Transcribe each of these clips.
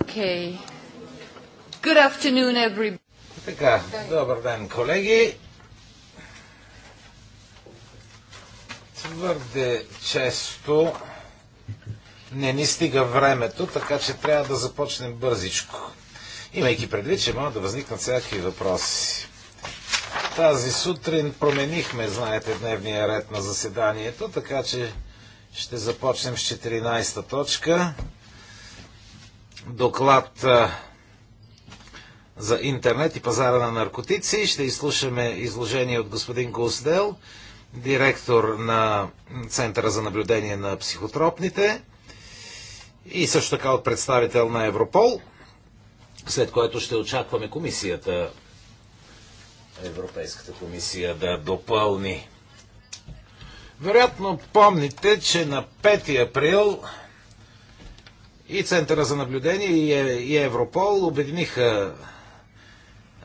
Okay. Good afternoon, everybody. Така, добър ден, колеги. Твърде често не ни стига времето, така че трябва да започнем бързичко. Имайки предвид, че могат да възникнат всякакви въпроси. Тази сутрин променихме, знаете, дневния ред на заседанието, така че ще започнем с 14-та точка доклад за интернет и пазара на наркотици. Ще изслушаме изложение от господин Гуздел, директор на Центъра за наблюдение на психотропните и също така от представител на Европол, след което ще очакваме комисията, Европейската комисия да допълни. Вероятно помните, че на 5 април и Центъра за наблюдение, и е, Европол обединиха е,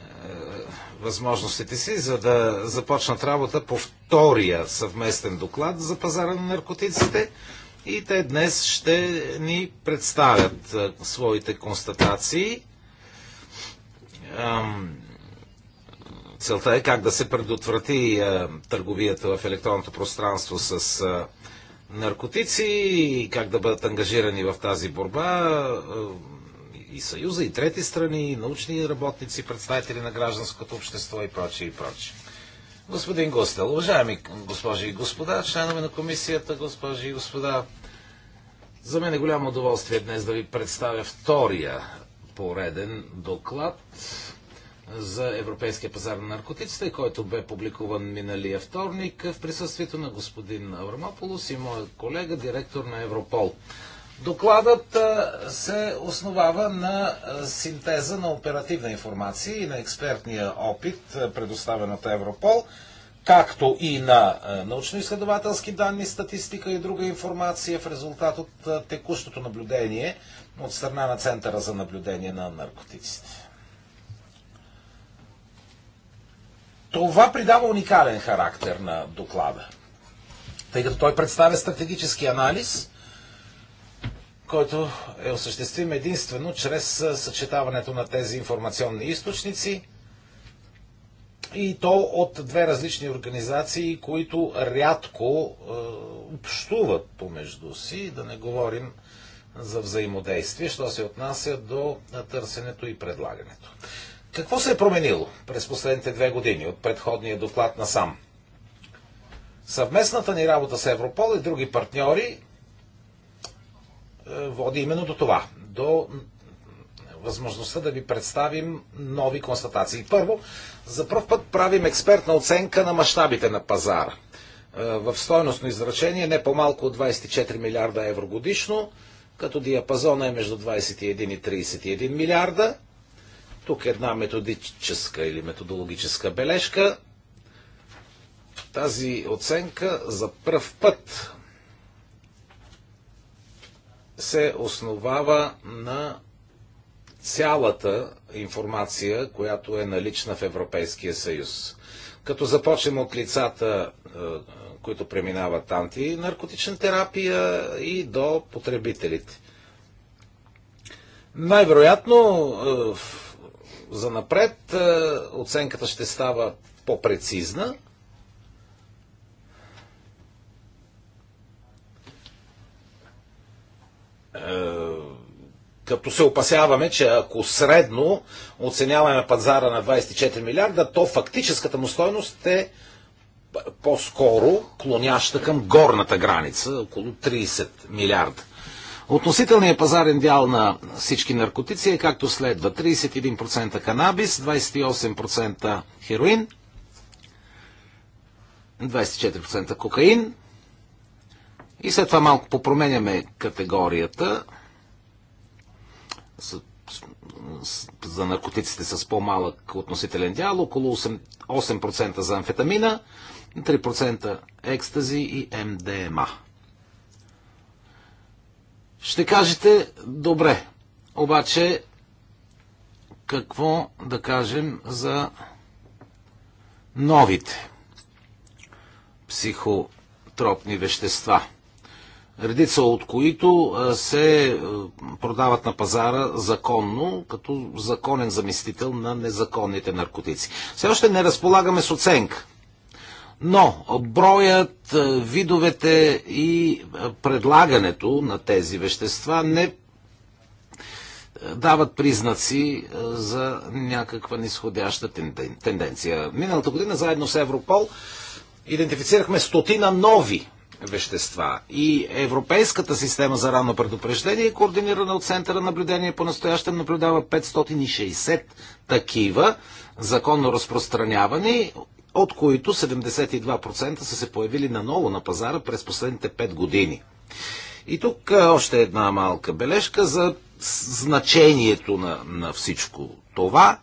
възможностите си, за да започнат работа по втория съвместен доклад за пазара на наркотиците. И те днес ще ни представят е, своите констатации. Целта е как да се предотврати търговията в електронното пространство с наркотици и как да бъдат ангажирани в тази борба е, и Съюза, и трети страни, и научни работници, представители на гражданското общество и прочи и прочи. Господин Гостел, уважаеми госпожи и господа, членове на комисията, госпожи и господа, за мен е голямо удоволствие днес да ви представя втория пореден доклад за Европейския пазар на наркотиците, който бе публикуван миналия вторник в присъствието на господин Аврамополос и моя колега, директор на Европол. Докладът се основава на синтеза на оперативна информация и на експертния опит, предоставен от Европол, както и на научно-изследователски данни, статистика и друга информация в резултат от текущото наблюдение от страна на Центъра за наблюдение на наркотиците. Това придава уникален характер на доклада, тъй като той представя стратегически анализ, който е осъществим единствено чрез съчетаването на тези информационни източници и то от две различни организации, които рядко общуват помежду си, да не говорим за взаимодействие, що се отнася до търсенето и предлагането. Какво се е променило през последните две години от предходния доклад на сам? Съвместната ни работа с Европол и други партньори е, води именно до това, до възможността да ви представим нови констатации. Първо, за първ път правим експертна оценка на мащабите на пазара. Е, в стойностно изречение не по-малко от 24 милиарда евро годишно, като диапазона е между 21 и 31 милиарда тук е една методическа или методологическа бележка. Тази оценка за пръв път се основава на цялата информация, която е налична в Европейския съюз. Като започнем от лицата, е, които преминават антинаркотична терапия и до потребителите. Най-вероятно е, за напред е, оценката ще става по-прецизна. Е, като се опасяваме, че ако средно оценяваме пазара на 24 милиарда, то фактическата му стойност е по-скоро клоняща към горната граница, около 30 милиарда. Относителният пазарен дял на всички наркотици е както следва. 31% канабис, 28% хероин, 24% кокаин. И след това малко попроменяме категорията за наркотиците с по-малък относителен дял, около 8%, 8% за амфетамина, 3% екстази и МДМА. Ще кажете, добре, обаче какво да кажем за новите психотропни вещества, редица от които се продават на пазара законно, като законен заместител на незаконните наркотици. Все още не разполагаме с оценка но броят, е, видовете и е, предлагането на тези вещества не е, дават признаци за някаква нисходяща тенденция. Миналата година заедно с Европол идентифицирахме стотина нови вещества. И Европейската система за ранно предупреждение, координирана от Центъра наблюдение, по-настоящем наблюдава 560 такива законно разпространявани, от които 72% са се появили наново на пазара през последните 5 години. И тук още една малка бележка за значението на, на всичко това.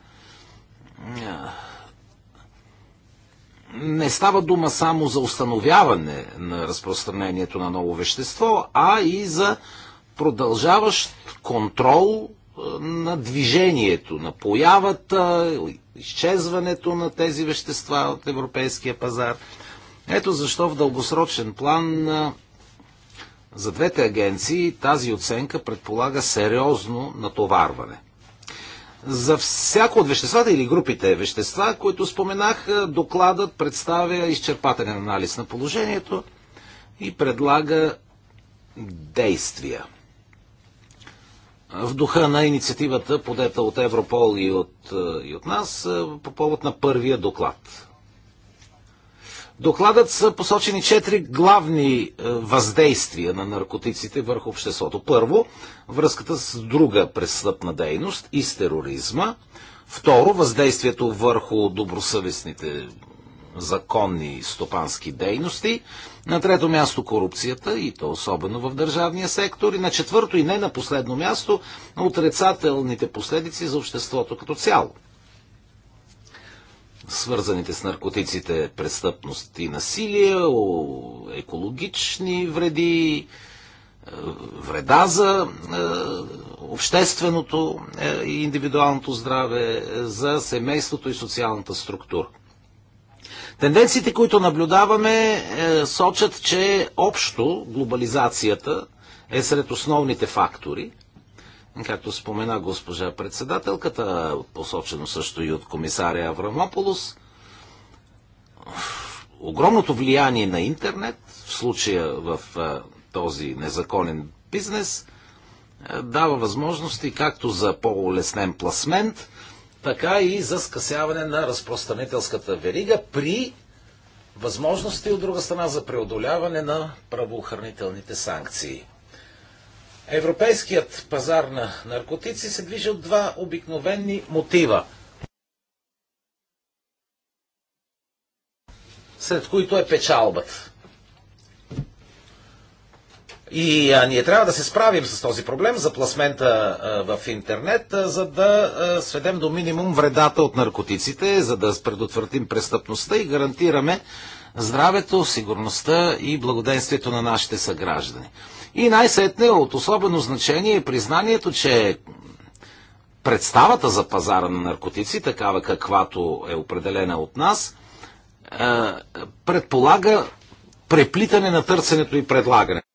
Не става дума само за установяване на разпространението на ново вещество, а и за продължаващ контрол на движението, на появата, изчезването на тези вещества от европейския пазар. Ето защо в дългосрочен план за двете агенции тази оценка предполага сериозно натоварване. За всяко от веществата или групите вещества, които споменах, докладът представя изчерпателен анализ на положението и предлага действия в духа на инициативата, подета от Европол и от, е, и от нас, е, по повод на първия доклад. Докладът са посочени четири главни е, въздействия на наркотиците върху обществото. Първо, връзката с друга престъпна дейност и с тероризма. Второ, въздействието върху добросъвестните законни стопански дейности. На трето място корупцията, и то особено в държавния сектор. И на четвърто и не на последно място отрицателните последици за обществото като цяло. Свързаните с наркотиците престъпност и насилие, екологични вреди, е, вреда за е, общественото е, и индивидуалното здраве, за семейството и социалната структура. Тенденциите, които наблюдаваме, е, сочат, че общо глобализацията е сред основните фактори, както спомена госпожа председателката, посочено също и от комисаря Аврамополос, огромното влияние на интернет, в случая в е, този незаконен бизнес, е, дава възможности както за по-леснен пласмент, така и за скъсяване на разпространителската верига при възможности от друга страна за преодоляване на правоохранителните санкции. Европейският пазар на наркотици се движи от два обикновени мотива, сред които е печалбата. И а, ние трябва да се справим с този проблем за пласмента а, в интернет, а, за да а, сведем до минимум вредата от наркотиците, за да предотвратим престъпността и гарантираме здравето, сигурността и благоденствието на нашите съграждани. И най-сетне от особено значение е признанието, че представата за пазара на наркотици, такава каквато е определена от нас, предполага преплитане на търсенето и предлагането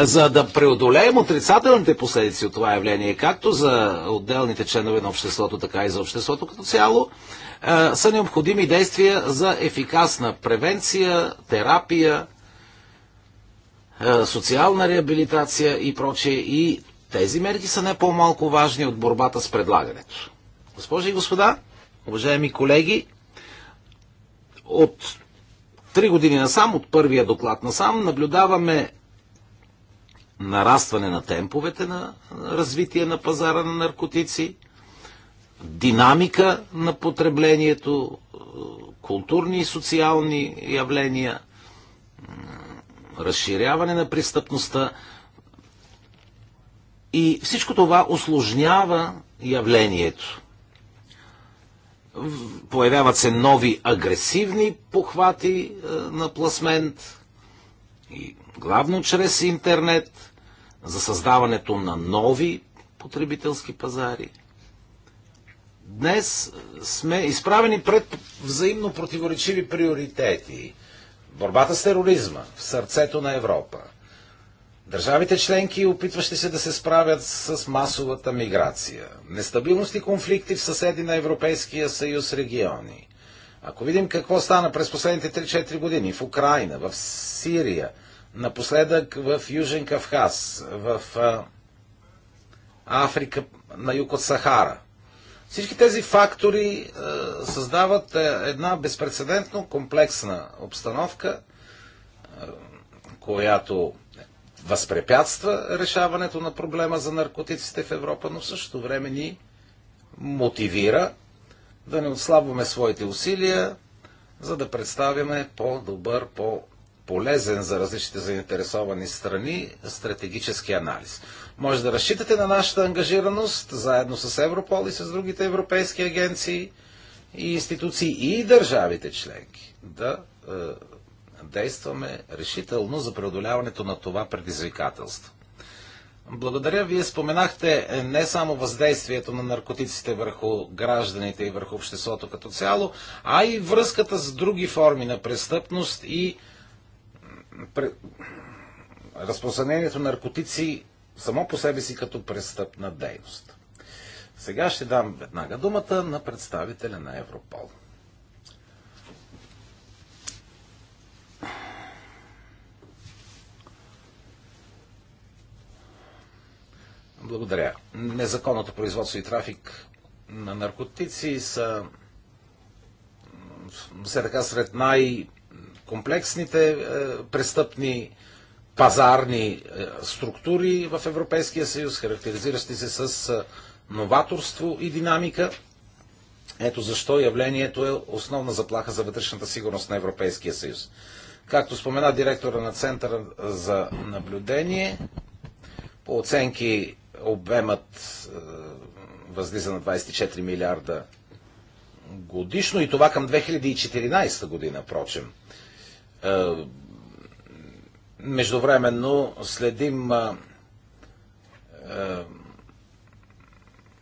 за да преодолеем отрицателните последици от това явление, както за отделните членове на обществото, така и за обществото като цяло, е, са необходими действия за ефикасна превенция, терапия, е, социална реабилитация и прочее. И тези мерки са не по-малко важни от борбата с предлагането. Госпожи и господа, уважаеми колеги, от три години насам, от първия доклад насам, наблюдаваме нарастване на темповете на развитие на пазара на наркотици, динамика на потреблението, е, културни и социални явления, разширяване на престъпността. И всичко това осложнява явлението. Появяват се нови агресивни похвати е, на пласмент и главно чрез интернет, за създаването на нови потребителски пазари. Днес е, сме изправени пред взаимно противоречиви приоритети. Борбата с тероризма в сърцето на Европа. Държавите членки, опитващи се да се справят с масовата миграция. Нестабилност и конфликти в съседи на Европейския съюз региони. Ако видим какво стана през последните 3-4 години в Украина, в Сирия – Напоследък в Южен Кавказ, в Африка на юг от Сахара. Всички тези фактори създават една безпредседентно комплексна обстановка, която възпрепятства решаването на проблема за наркотиците в Европа, но в същото време ни мотивира да не отслабваме своите усилия, за да представяме по-добър, по полезен за различните заинтересовани страни стратегически анализ. Може да разчитате на нашата ангажираност, заедно с Европол и с другите европейски агенции и институции и държавите членки, да е, действаме решително за преодоляването на това предизвикателство. Благодаря. Вие споменахте не само въздействието на наркотиците върху гражданите и върху обществото като цяло, а и връзката с други форми на престъпност и разпространението на наркотици само по себе си като престъпна дейност. Сега ще дам веднага думата на представителя на Европол. Благодаря. Незаконното производство и трафик на наркотици са все така сред най- комплексните е, престъпни пазарни е, структури в Европейския съюз, характеризиращи се с е, новаторство и динамика. Ето защо явлението е основна заплаха за вътрешната сигурност на Европейския съюз. Както спомена директора на Центъра за наблюдение, по оценки обемът възлиза на 24 милиарда годишно и това към 2014 година, прочем. Е, междувременно следим е, е,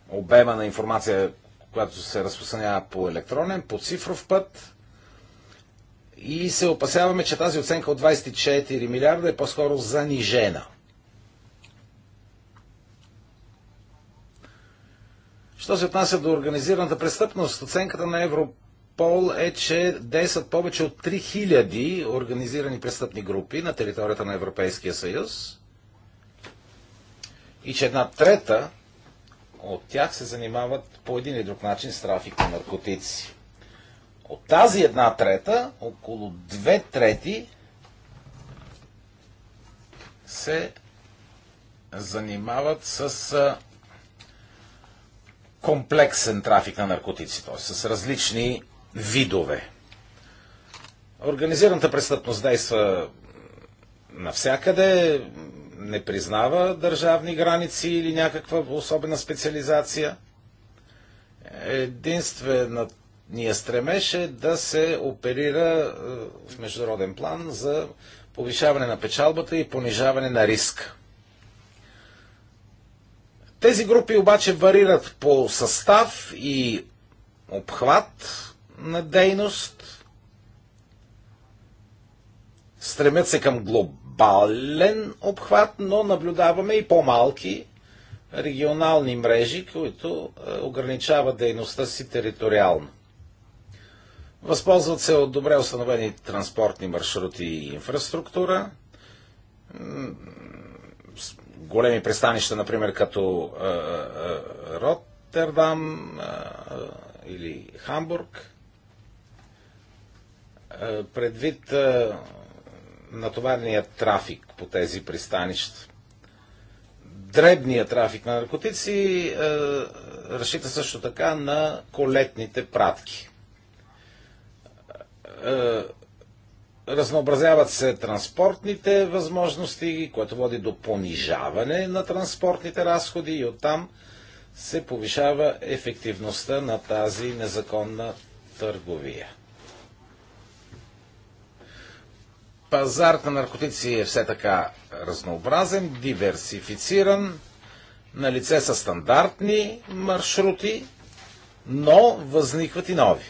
обема на информация, която се разпространява по електронен, по цифров път. И се опасяваме, че тази оценка от 24 милиарда е по-скоро занижена. Що се отнася до организираната престъпност, оценката на Европол Пол е, че действат повече от 3000 организирани престъпни групи на територията на Европейския съюз и че една трета от тях се занимават по един или друг начин с трафик на наркотици. От тази една трета, около две трети се занимават с комплексен трафик на наркотици, т.е. с различни видове. Организираната престъпност действа навсякъде, не признава държавни граници или някаква особена специализация. Единствената ние стремеше да се оперира е, в международен план за повишаване на печалбата и понижаване на риск. Тези групи обаче варират по състав и обхват, на дейност, стремят се към глобален обхват, но наблюдаваме и по-малки регионални мрежи, които е, ограничават дейността си териториално. Възползват се от добре установени транспортни маршрути и инфраструктура, големи пристанища, например, като е, е, Роттердам или Хамбург – е, предвид е, натоварния трафик по тези пристанища. Дребният трафик на наркотици е, разчита също така на колетните пратки. Е, разнообразяват се транспортните възможности, което води до понижаване на транспортните разходи и оттам се повишава ефективността на тази незаконна търговия. Пазарът на наркотици е все така разнообразен, диверсифициран, на лице са стандартни маршрути, но възникват и нови.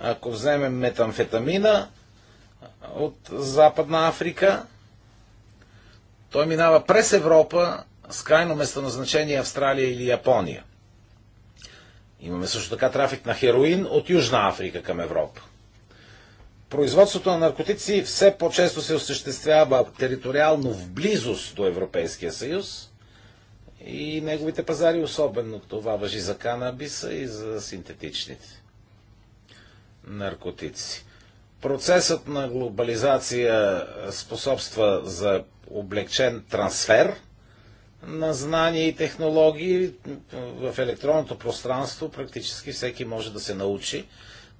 Ако вземем метамфетамина от Западна Африка, той минава през Европа с крайно местоназначение Австралия или Япония. Имаме също така трафик на хероин от Южна Африка към Европа производството на наркотици все по-често се осъществява териториално в близост до Европейския съюз и неговите пазари, особено това въжи за канабиса и за синтетичните наркотици. Процесът на глобализация способства за облегчен трансфер на знания и технологии в електронното пространство практически всеки може да се научи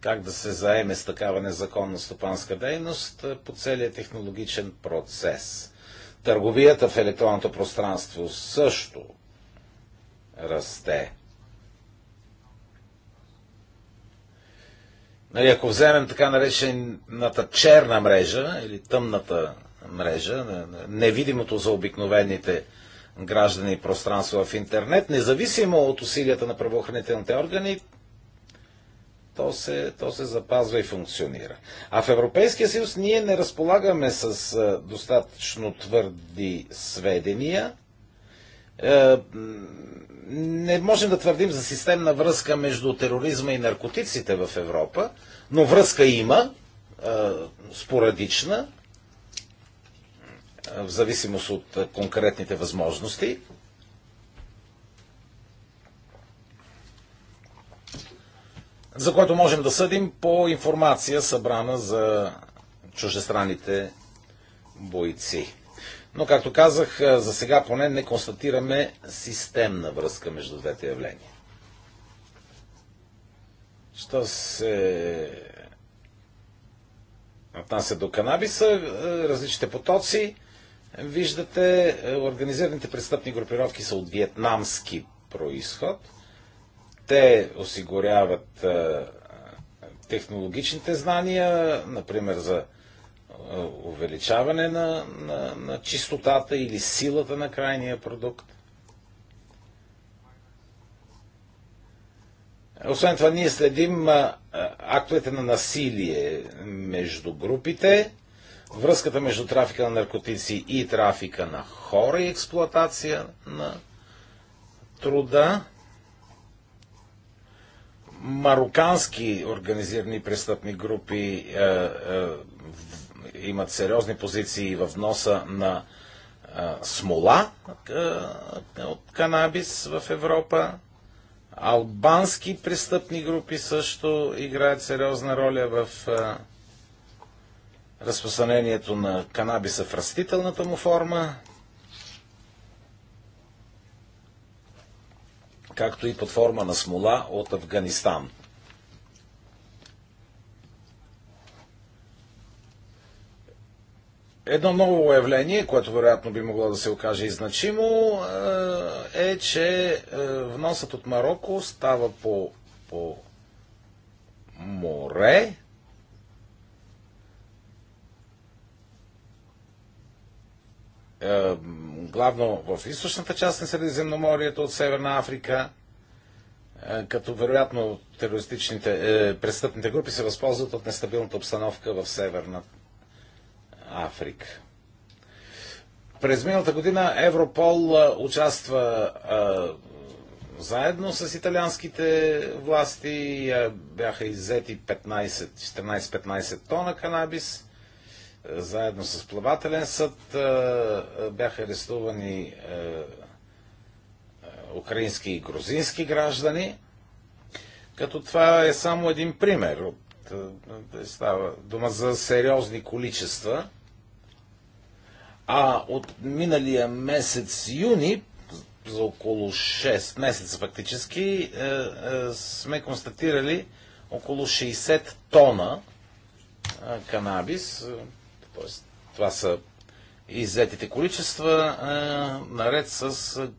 как да се заеме с такава незаконна стопанска дейност по целия технологичен процес. Търговията в електронното пространство също расте. Нали, ако вземем така наречената черна мрежа или тъмната мрежа, невидимото за обикновените граждани и пространство в интернет, независимо от усилията на правоохранителните органи, то се, то се запазва и функционира. А в Европейския съюз ние не разполагаме с достатъчно твърди сведения. Е, не можем да твърдим за системна връзка между тероризма и наркотиците в Европа, но връзка има, е, спорадична, е, в зависимост от конкретните възможности. за което можем да съдим по информация събрана за чужестранните бойци. Но, както казах, за сега поне не констатираме системна връзка между двете явления. Що се отнася до канабиса, различните потоци, виждате, организираните престъпни групировки са от вьетнамски происход – те осигуряват технологичните знания, например за увеличаване на, на, на чистотата или силата на крайния продукт. Освен това, ние следим актовете на насилие между групите, връзката между трафика на наркотици и трафика на хора и експлоатация на труда марокански организирани престъпни групи е, е, имат сериозни позиции в носа на е, смола е, от канабис в Европа. Албански престъпни групи също играят сериозна роля в е, разпространението на канабиса в растителната му форма. както и под форма на смола от Афганистан. Едно ново явление, което вероятно би могло да се окаже и значимо, е, е че е, вносът от Марокко става по, по море, Е, главно в източната част на Средиземноморието от Северна Африка, е, като вероятно терористичните, е, престъпните групи се възползват от нестабилната обстановка в Северна Африка. През миналата година Европол участва заедно с италианските власти. бяха иззети 14-15 тона канабис заедно с плавателен съд бяха арестувани украински и грузински граждани, като това е само един пример. От, става дума за сериозни количества. А от миналия месец юни, за около 6 месеца фактически, е, е, сме констатирали около 60 тона канабис, Тоест, това са иззетите количества, е, наред с е,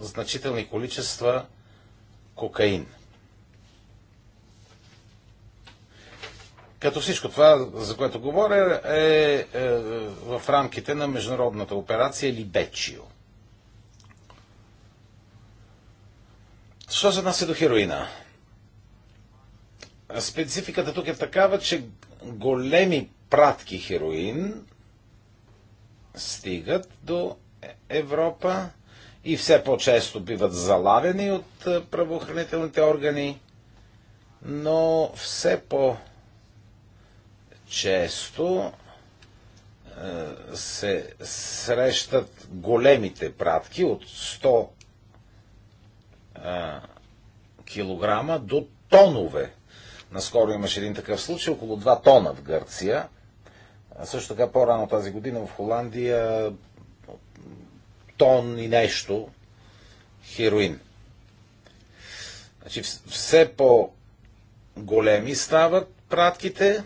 значителни количества кокаин. Като всичко това, за което говоря, е, е в рамките на международната операция Либечио. Що се отнася до хероина? Спецификата тук е такава, че големи пратки хероин стигат до Европа и все по-често биват залавени от е, правоохранителните органи, но все по-често е, се срещат големите пратки от 100 е, килограма до тонове. Наскоро имаше един такъв случай, около 2 тона в Гърция – също така по-рано тази година в Холандия тон и нещо хероин. Значи все по-големи стават пратките.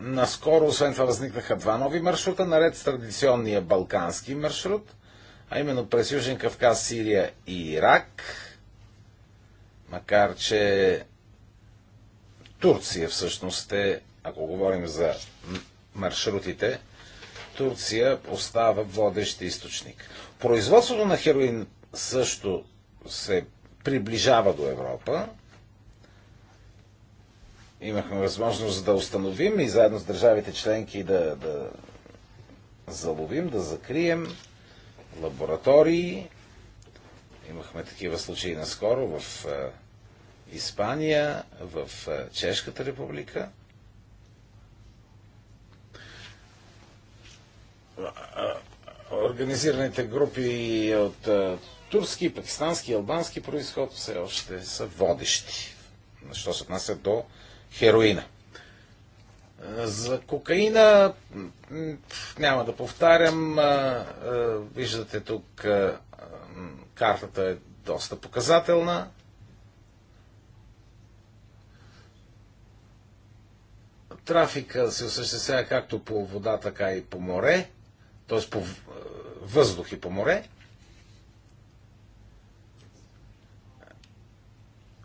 Наскоро, освен това, възникнаха два нови маршрута, наред с традиционния балкански маршрут, а именно през Южен Кавказ, Сирия и Ирак. Макар, че Турция всъщност е, ако говорим за маршрутите, Турция остава водещ източник. Производството на хероин също се приближава до Европа. Имахме възможност да установим и заедно с държавите членки да, да заловим, да закрием лаборатории. Имахме такива случаи наскоро в е, Испания, в Чешката република. Организираните групи от турски, пакистански, албански происход все още са водещи. Що се отнася до хероина. За кокаина няма да повтарям. Виждате тук картата е доста показателна. Трафика се осъществява както по вода, така и по море, т.е. по е, въздух и по море.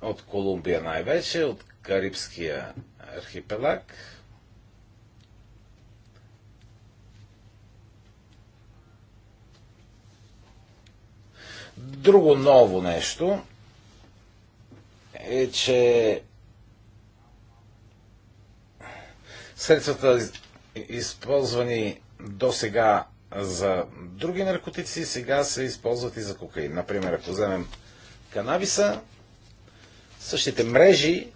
От Колумбия най-вече, от Карибския архипелаг. Друго ново нещо е, че Средствата, използвани до сега за други наркотици, сега се използват и за кокаин. Например, ако вземем канабиса, същите мрежи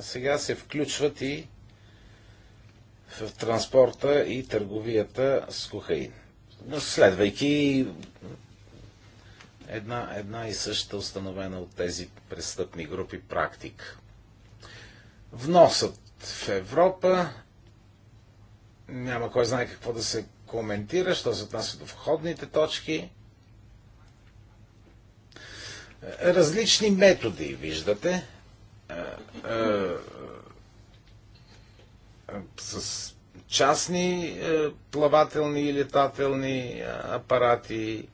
сега се включват и в транспорта и търговията с кокаин. Следвайки една, една и съща установена от тези престъпни групи практик. Вносът в Европа. Няма кой знае какво да се коментира, що се отнася до входните точки. Различни методи, виждате. Е, е, е, с частни плавателни и летателни апарати,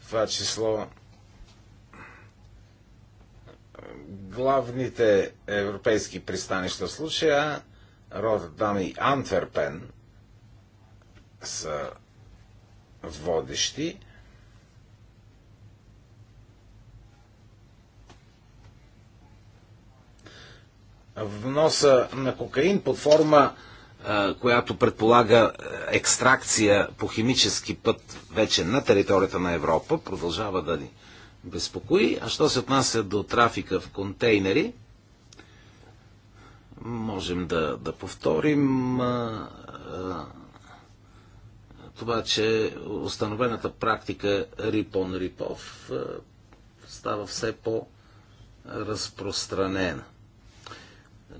в това число главните европейски пристанища в случая Роттердам и Антверпен са водещи. Вноса на кокаин под форма, която предполага екстракция по химически път вече на територията на Европа, продължава да ни безпокои. А що се отнася до трафика в контейнери, можем да, да повторим а, а, това, че установената практика Рипон Рипов става все по-разпространена.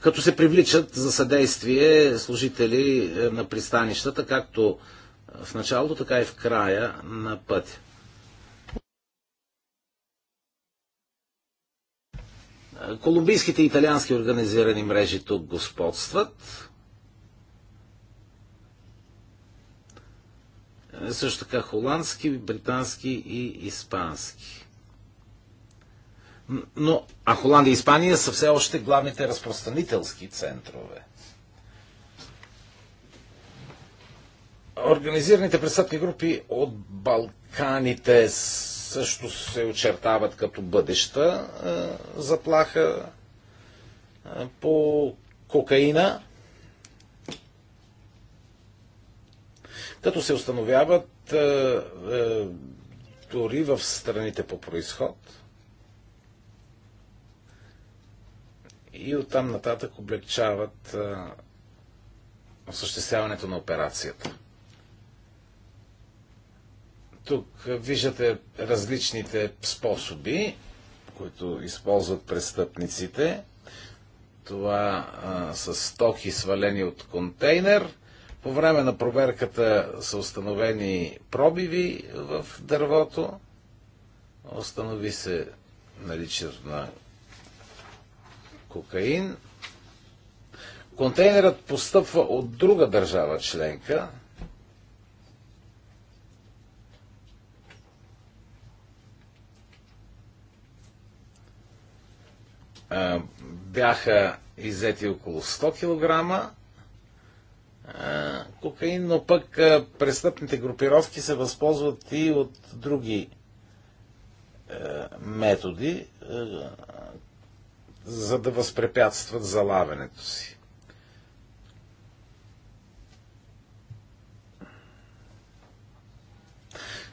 Като се привличат за съдействие служители е, на пристанищата, както в началото, така и в края на пътя. Колумбийските и италиански организирани мрежи тук господстват. Е, също така холандски, британски и испански. Но, а Холандия и Испания са все още главните разпространителски центрове. Организираните престъпни групи от Балканите с също се очертават като бъдеща е, заплаха е, по кокаина, като се установяват е, дори в страните по происход и оттам нататък облегчават осъществяването на операцията. Тук виждате различните способи, които използват престъпниците. Това а, са стоки свалени от контейнер. По време на проверката са установени пробиви в дървото. Установи се наличието на кокаин. Контейнерът постъпва от друга държава членка, бяха иззети около 100 кг кокаин, но пък престъпните групировки се възползват и от други методи, за да възпрепятстват залавянето си.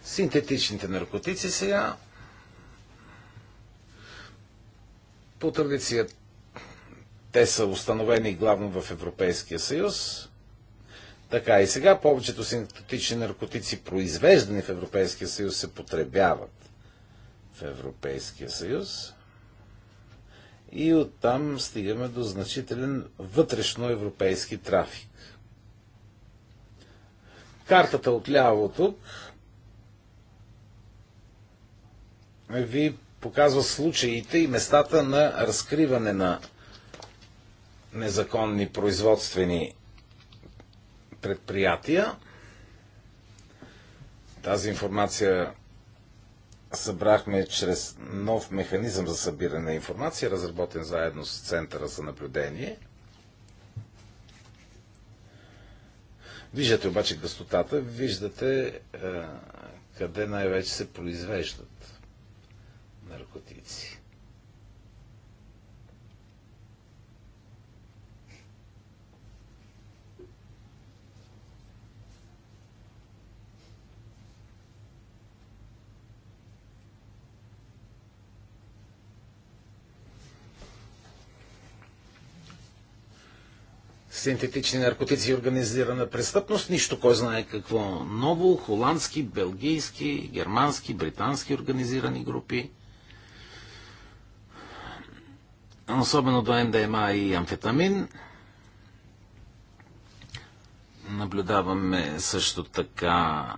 Синтетичните наркотици сега По традиция те са установени главно в Европейския съюз. Така и сега повечето синтетични наркотици, произвеждани в Европейския съюз, се потребяват в Европейския съюз. И оттам стигаме до значителен вътрешноевропейски трафик. Картата от ляво тук ви показва случаите и местата на разкриване на незаконни производствени предприятия. Тази информация събрахме чрез нов механизъм за събиране на информация, разработен заедно с Центъра за наблюдение. Виждате обаче гъстотата, виждате е, къде най-вече се произвеждат наркотици. синтетични наркотици и организирана престъпност. Нищо кой знае какво ново. Холандски, белгийски, германски, британски организирани групи. особено до МДМА и амфетамин. Наблюдаваме също така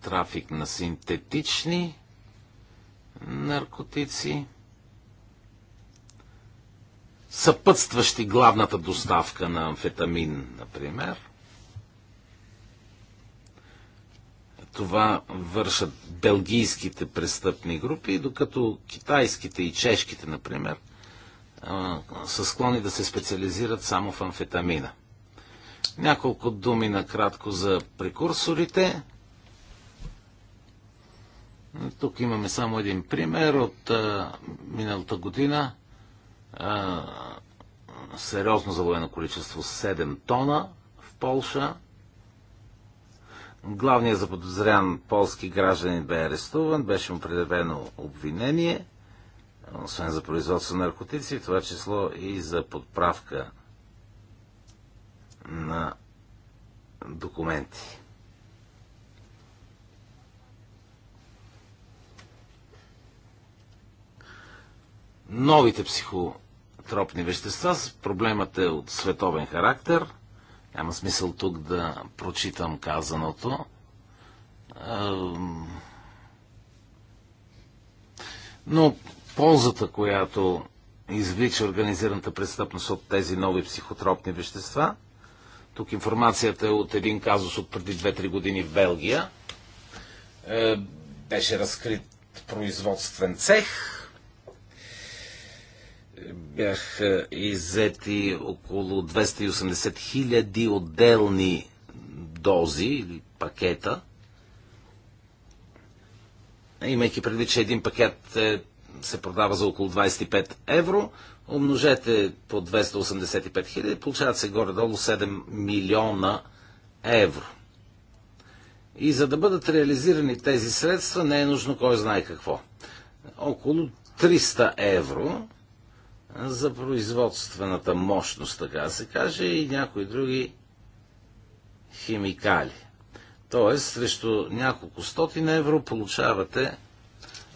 трафик на синтетични наркотици, съпътстващи главната доставка на амфетамин, например. Това вършат белгийските престъпни групи, докато китайските и чешките, например, са склонни да се специализират само в амфетамина. Няколко думи накратко за прекурсорите. Тук имаме само един пример от а, миналата година. А, сериозно завоено количество 7 тона в Полша. Главният заподозрян полски гражданин бе арестуван, беше му предявено обвинение – освен за производство на наркотици, това число и за подправка на документи. Новите психотропни вещества, проблемът е от световен характер. Няма смисъл тук да прочитам казаното. Но ползата, която извлича организираната престъпност от тези нови психотропни вещества. Тук информацията е от един казус от преди 2-3 години в Белгия. Е, беше разкрит производствен цех. Бяха иззети около 280 хиляди отделни дози или пакета. Имайки предвид, че един пакет е се продава за около 25 евро. Умножете по 285 хиляди, получават се горе-долу 7 милиона евро. И за да бъдат реализирани тези средства, не е нужно кой знае какво. Около 300 евро за производствената мощност, така се каже, и някои други химикали. Тоест, срещу няколко стотин евро получавате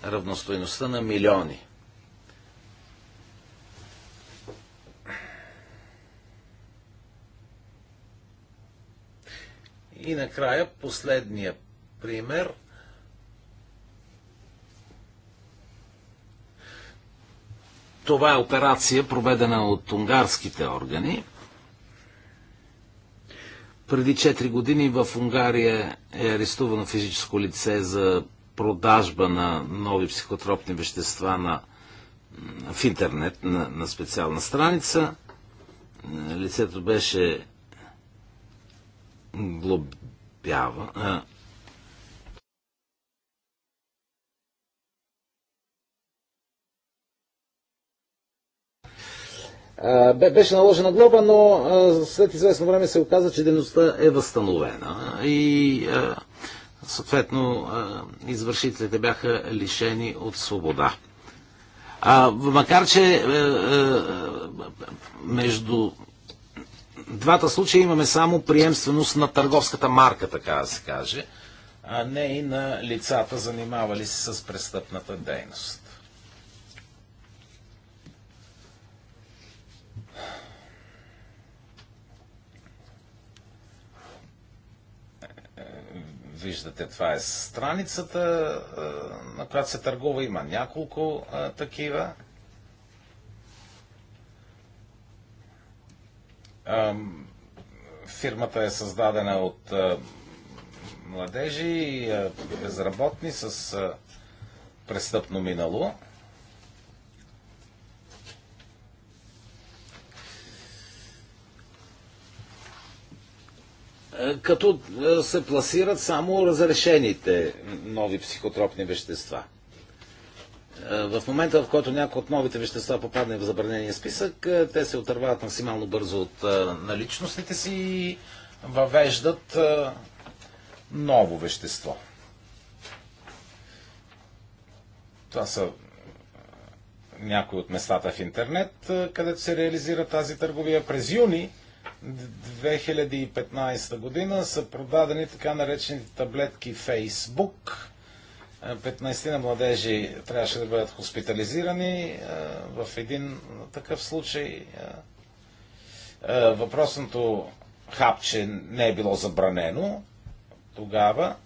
равностойността на милиони. И накрая последния пример. Това е операция, проведена от унгарските органи. Преди 4 години в Унгария е арестувано физическо лице за продажба на нови психотропни вещества на, в интернет на, на специална страница. Лицето беше глобява. Беше наложена глоба, но след известно време се оказа, че дейността е възстановена. И съответно извършителите бяха лишени от свобода. А, макар, че а, е, е, между двата случая имаме само приемственост на търговската марка, така да се каже, а не и на лицата, занимавали се с престъпната дейност. виждате, това е страницата, на която се търгува. Има няколко такива. Фирмата е създадена от младежи и безработни с престъпно минало. Е, като е, се пласират само разрешените нови психотропни вещества. Е, в момента, в който някои от новите вещества попадне в забранения списък, те се отървават максимално бързо от наличностите си и въвеждат ново вещество. Това са някои от местата в интернет, където се реализира тази търговия. През юни 2015 година са продадени така наречените таблетки Facebook. 15 на младежи трябваше да бъдат хоспитализирани е, в един такъв случай. Е, е, въпросното хапче не е било забранено тогава.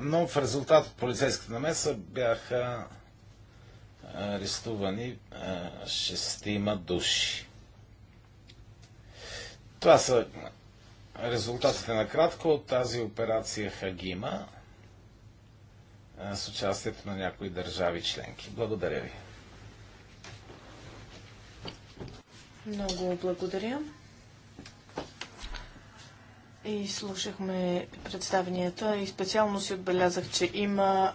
Но в резултат от полицейската намеса бяха арестувани шестима души. Това са резултатите на кратко от тази операция Хагима с участието на някои държави членки. Благодаря ви. Много благодаря. И слушахме представенията и специално си отбелязах, че има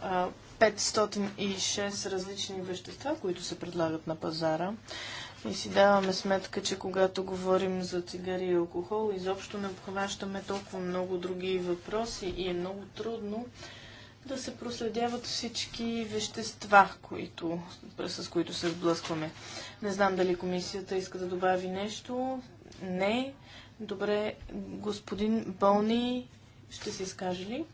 506 различни вещества, които се предлагат на пазара. И си даваме сметка, че когато говорим за цигари и алкохол, изобщо не обхващаме толкова много други въпроси и е много трудно да се проследяват всички вещества, които, с които се сблъскваме. Не знам дали комисията иска да добави нещо. Не. Добре, господин Болни, ще се изкаже ли?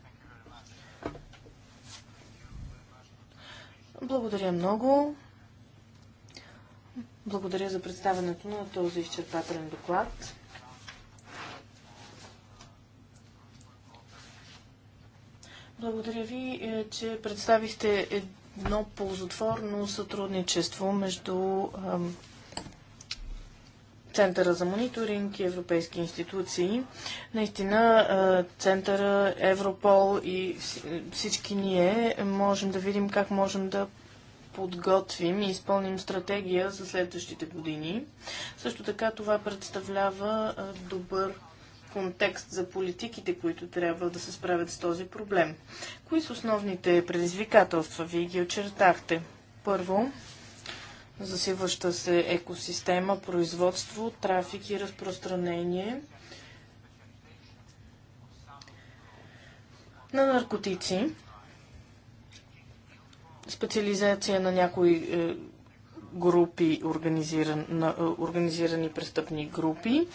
Благодаря много. Благодаря за представенето на този изчерпателен доклад. Благодаря ви, е, че представихте едно ползотворно сътрудничество между Центъра за мониторинг и европейски институции. Наистина Центъра, Европол и всички ние можем да видим как можем да подготвим и изпълним стратегия за следващите години. Също така това представлява добър контекст за политиките, които трябва да се справят с този проблем. Кои са основните предизвикателства? Вие ги очертахте. Първо, засиваща се екосистема, производство, трафик и разпространение на наркотици, специализация на някои е, групи, организиран, е, организирани престъпни групи,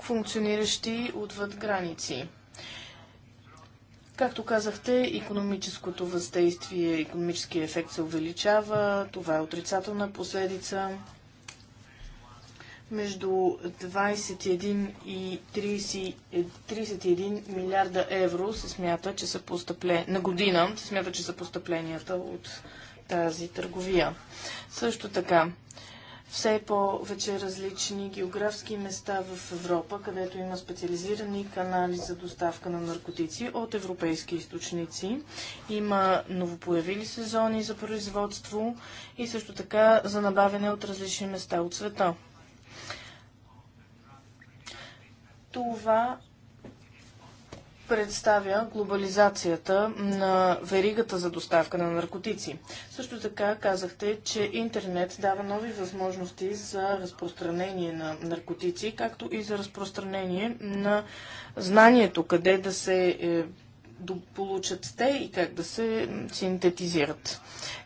функциониращи отвъд граници. Както казахте, економическото въздействие, економическия ефект се увеличава. Това е отрицателна последица. Между 21 и 30, 31 милиарда евро се смята, че са постъпления на година се смята, че са постъпленията от тази търговия. Също така, все повече различни географски места в Европа, където има специализирани канали за доставка на наркотици от европейски източници. Има новопоявили се зони за производство и също така за набавяне от различни места от света. Това представя глобализацията на веригата за доставка на наркотици. Също така казахте, че интернет дава нови възможности за разпространение на наркотици, както и за разпространение на знанието, къде да се е, получат те и как да се синтетизират.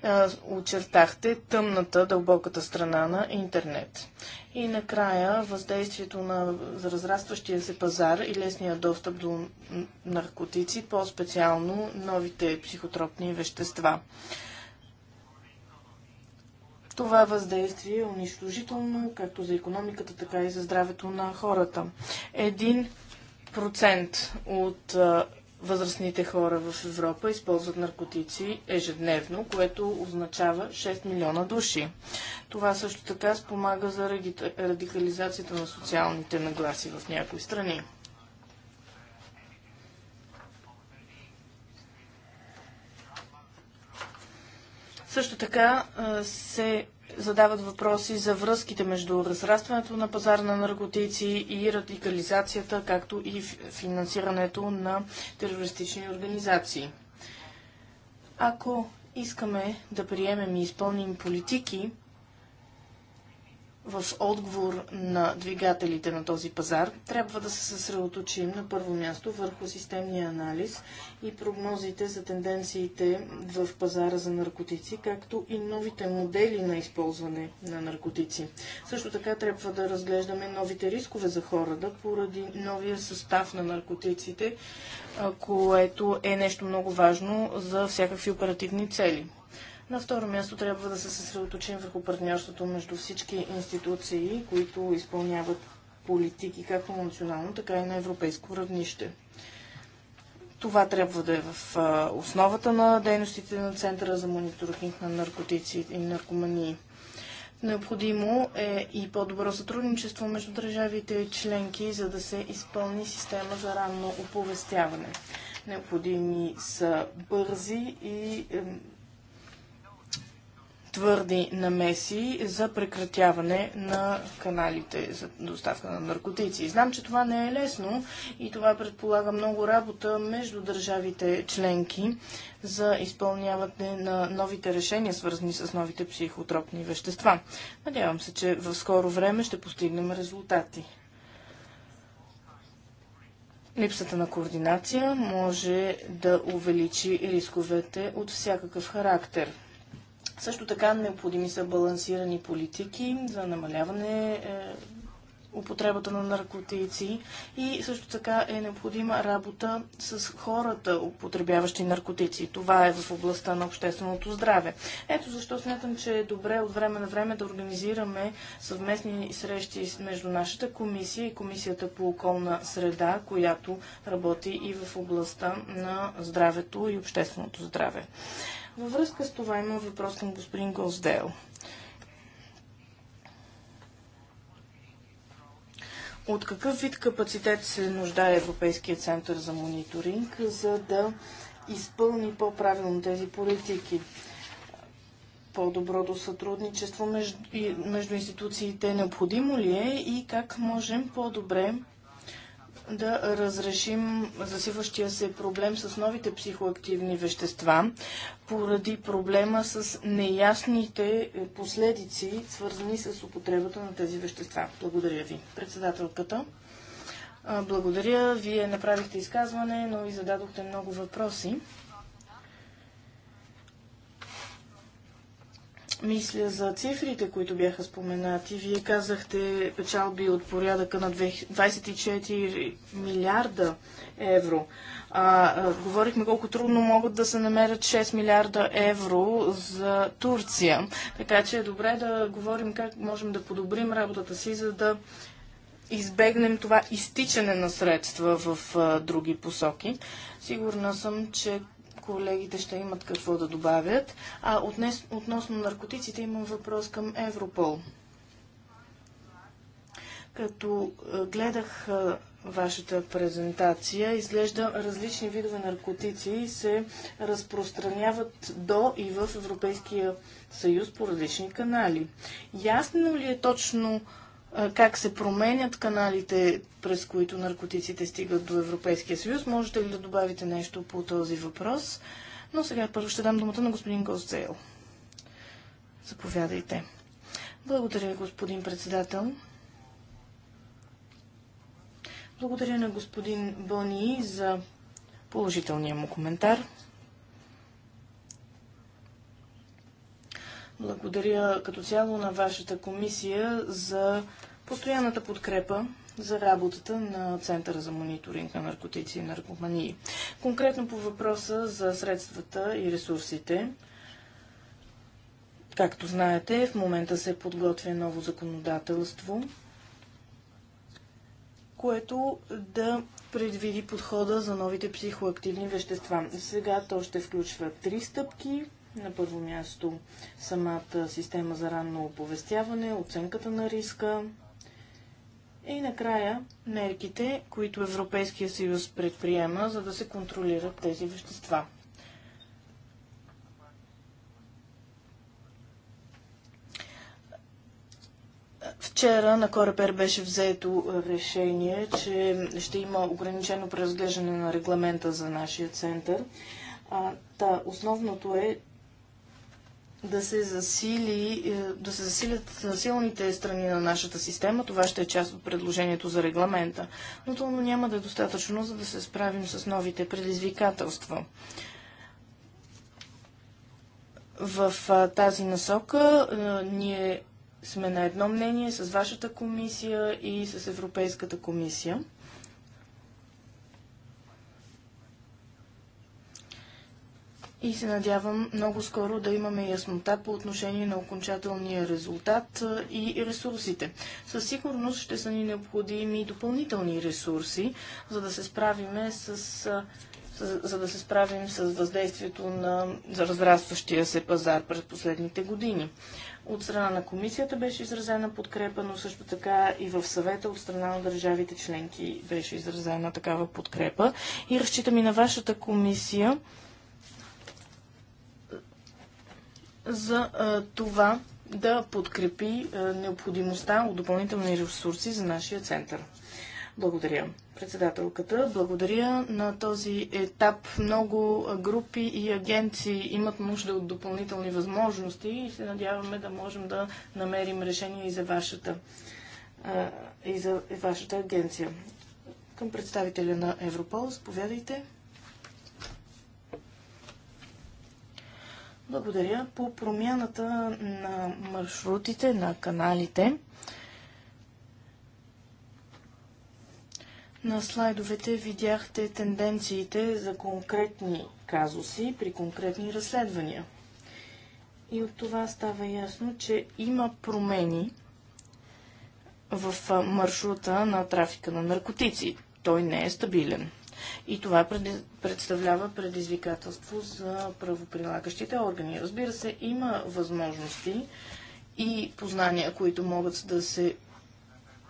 Е, очертахте тъмната, дълбоката страна на интернет. И накрая въздействието на разрастващия се пазар и лесния достъп до наркотици, по-специално новите психотропни вещества. Това въздействие е унищожително както за економиката, така и за здравето на хората. Един процент от възрастните хора в Европа използват наркотици ежедневно, което означава 6 милиона души. Това също така спомага за радикализацията на социалните нагласи в някои страни. Също така се задават въпроси за връзките между разрастването на пазара на наркотици и радикализацията, както и финансирането на терористични организации. Ако искаме да приемем и изпълним политики, в отговор на двигателите на този пазар, трябва да се съсредоточим на първо място върху системния анализ и прогнозите за тенденциите в пазара за наркотици, както и новите модели на използване на наркотици. Също така трябва да разглеждаме новите рискове за хората поради новия състав на наркотиците, което е нещо много важно за всякакви оперативни цели. На второ място трябва да се съсредоточим върху партньорството между всички институции, които изпълняват политики както на национално, така и на европейско равнище. Това трябва да е в основата на дейностите на Центъра за мониторинг на наркотици и наркомании. Необходимо е и по-добро сътрудничество между държавите и членки, за да се изпълни система за ранно оповестяване. Необходими са бързи и твърди намеси за прекратяване на каналите за доставка на наркотици. Знам, че това не е лесно и това предполага много работа между държавите членки за изпълняване на новите решения, свързани с новите психотропни вещества. Надявам се, че в скоро време ще постигнем резултати. Липсата на координация може да увеличи рисковете от всякакъв характер – също така необходими са балансирани политики за намаляване е, употребата на наркотици и също така е необходима работа с хората, употребяващи наркотици. Това е в областта на общественото здраве. Ето защо смятам, че е добре от време на време да организираме съвместни срещи между нашата комисия и Комисията по околна среда, която работи и в областта на здравето и общественото здраве. Във връзка с това има въпрос към господин Голсдейл. От какъв вид капацитет се нуждае Европейския център за мониторинг, за да изпълни по-правилно тези политики? По-доброто сътрудничество между, между институциите необходимо ли е и как можем по-добре да разрешим засиващия се проблем с новите психоактивни вещества, поради проблема с неясните е, последици, свързани с употребата на тези вещества. Благодаря ви, председателката. Благодаря. Вие направихте изказване, но и зададохте много въпроси. мисля за цифрите, които бяха споменати. Вие казахте печалби от порядъка на 24 милиарда евро. А, а, говорихме колко трудно могат да се намерят 6 милиарда евро за Турция. Така че е добре да говорим как можем да подобрим работата си, за да избегнем това изтичане на средства в а, други посоки. Сигурна съм, че колегите ще имат какво да добавят. А отнес, относно наркотиците имам въпрос към Европол. Като е, гледах е, вашата презентация. Изглежда различни видове наркотици се разпространяват до и в Европейския съюз по различни канали. Ясно ли е точно как се променят каналите, през които наркотиците стигат до Европейския съюз. Можете ли да добавите нещо по този въпрос? Но сега първо ще дам думата на господин Госцейл. Заповядайте. Благодаря, господин председател. Благодаря на господин Бони за положителния му коментар. Благодаря като цяло на вашата комисия за постоянната подкрепа за работата на Центъра за мониторинг на наркотици и наркомании. Конкретно по въпроса за средствата и ресурсите. Както знаете, в момента се подготвя ново законодателство, което да предвиди подхода за новите психоактивни вещества. Сега то ще включва три стъпки – на първо място самата система за ранно оповестяване, оценката на риска и накрая мерките, които Европейския съюз предприема, за да се контролират тези вещества. Вчера на Корепер беше взето решение, че ще има ограничено преразглеждане на регламента за нашия център. А, та, основното е, да се, засили, е, да се засилят силните страни на нашата система. Това ще е част от предложението за регламента. Но то няма да е достатъчно, за да се справим с новите предизвикателства. В тази насока е, ние сме на едно мнение с вашата комисия и с Европейската комисия. и се надявам много скоро да имаме яснота по отношение на окончателния резултат и ресурсите. Със сигурност ще са ни необходими допълнителни ресурси, за да се справиме с за да се справим с въздействието на разрастващия се пазар през последните години. От страна на комисията беше изразена подкрепа, но също така и в съвета от страна на държавите членки беше изразена такава подкрепа. И разчитам и на вашата комисия за е, това да подкрепи е, необходимостта от допълнителни ресурси за нашия център. Благодаря. Председателката, благодаря. На този етап много групи и агенции имат нужда от допълнителни възможности и се надяваме да можем да намерим решение и за вашата, е, и за вашата агенция. Към представителя на Европол, заповядайте. Благодаря. По промяната на маршрутите, на каналите, на слайдовете видяхте тенденциите за конкретни казуси при конкретни разследвания. И от това става ясно, че има промени в маршрута на трафика на наркотици. Той не е стабилен. И това представлява предизвикателство за правоприлагащите органи. Разбира се, има възможности и познания, които могат да се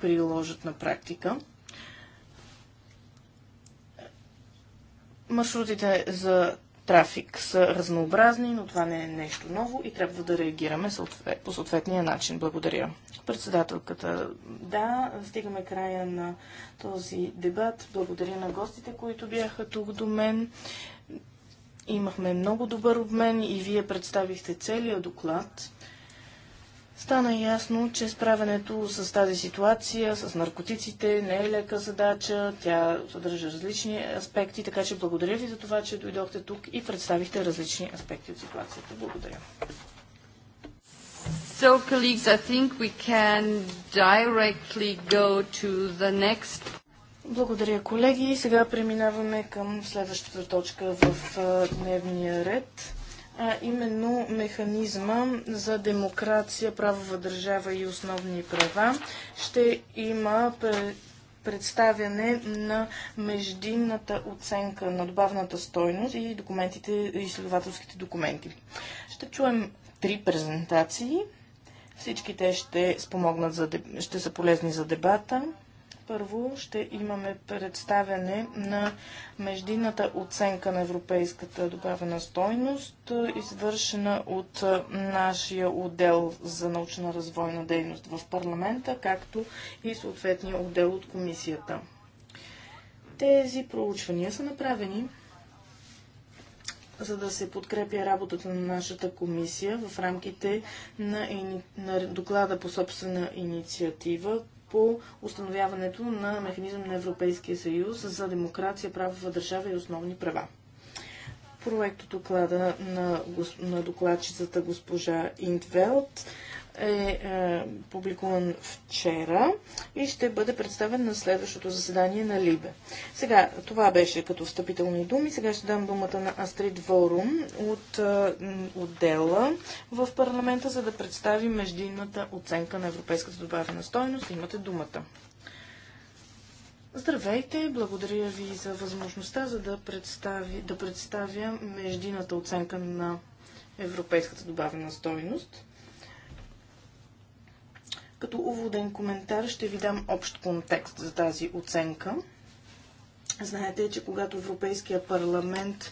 приложат на практика. Маршрутите за трафик са разнообразни, но това не е нещо ново и трябва да реагираме по съответния начин. Благодаря. Председателката, да, стигаме края на този дебат. Благодаря на гостите, които бяха тук до мен. Имахме много добър обмен и вие представихте целият доклад. Стана ясно, че справянето с тази ситуация, с наркотиците, не е лека задача, тя съдържа различни аспекти, така че благодаря ви за това, че дойдохте тук и представихте различни аспекти от ситуацията. Благодаря. So, colleagues, I think we can directly go to the next. Благодаря, колеги. Сега преминаваме към следващата точка в дневния ред а именно механизма за демокрация, правова държава и основни права. Ще има представяне на междинната оценка на добавната стойност и документите, изследователските документи. Ще чуем три презентации. Всички те ще спомогнат за, ще са полезни за дебата. Първо ще имаме представяне на междинната оценка на европейската добавена стойност, е, извършена от е, нашия отдел за научна развойна дейност в парламента, както и съответния отдел от комисията. Тези проучвания са направени за да се подкрепя работата на нашата комисия в рамките на, на доклада по собствена инициатива, по установяването на механизъм на Европейския съюз за демокрация, правова държава и основни права. Проектът доклада на, на докладчицата госпожа Интвелт е, е публикуван вчера и ще бъде представен на следващото заседание на Либе. Сега, това беше като встъпителни думи. Сега ще дам думата на Астрид Ворум от е, отдела в парламента, за да представи междинната оценка на Европейската добавена стойност. Имате думата. Здравейте, благодаря ви за възможността за да, представи, да представя междината оценка на Европейската добавена стойност. Като уводен коментар ще ви дам общ контекст за тази оценка. Знаете, че когато Европейския парламент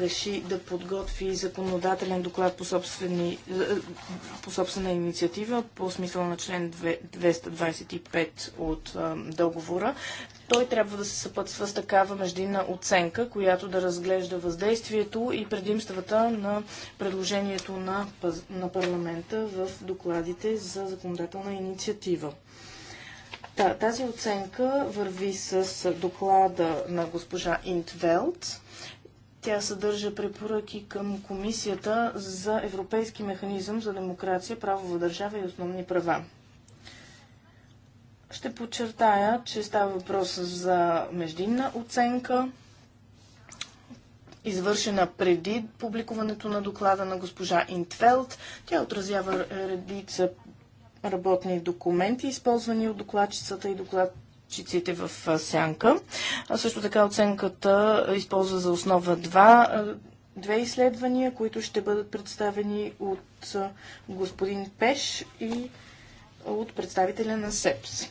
реши да подготви законодателен доклад по, собствени, е, е, по собствена инициатива по смисъл на член 225 от е, договора, той трябва да се съпътства с такава междинна оценка, която да разглежда въздействието и предимствата на предложението на, на парламента в докладите за законодателна инициатива. Та, тази оценка върви с доклада на госпожа Интвелт. Тя съдържа препоръки към Комисията за Европейски механизъм за демокрация, правова държава и основни права. Ще подчертая, че става въпрос за междинна оценка, извършена преди публикуването на доклада на госпожа Интвелт. Тя отразява редица работни документи, използвани от докладчицата и докладчиците в сянка. А също така оценката използва за основа два две изследвания, които ще бъдат представени от господин Пеш и от представителя на СЕПС.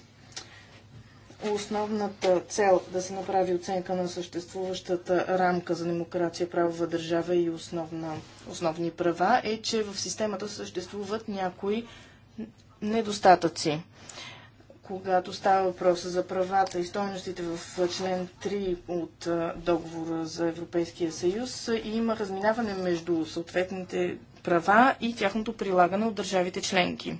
Основната цел да се направи оценка на съществуващата рамка за демокрация, правова държава и основна, основни права е, че в системата съществуват някои недостатъци. Когато става въпроса за правата и стойностите в член 3 от договора за Европейския съюз, има разминаване между съответните права и тяхното прилагане от държавите членки.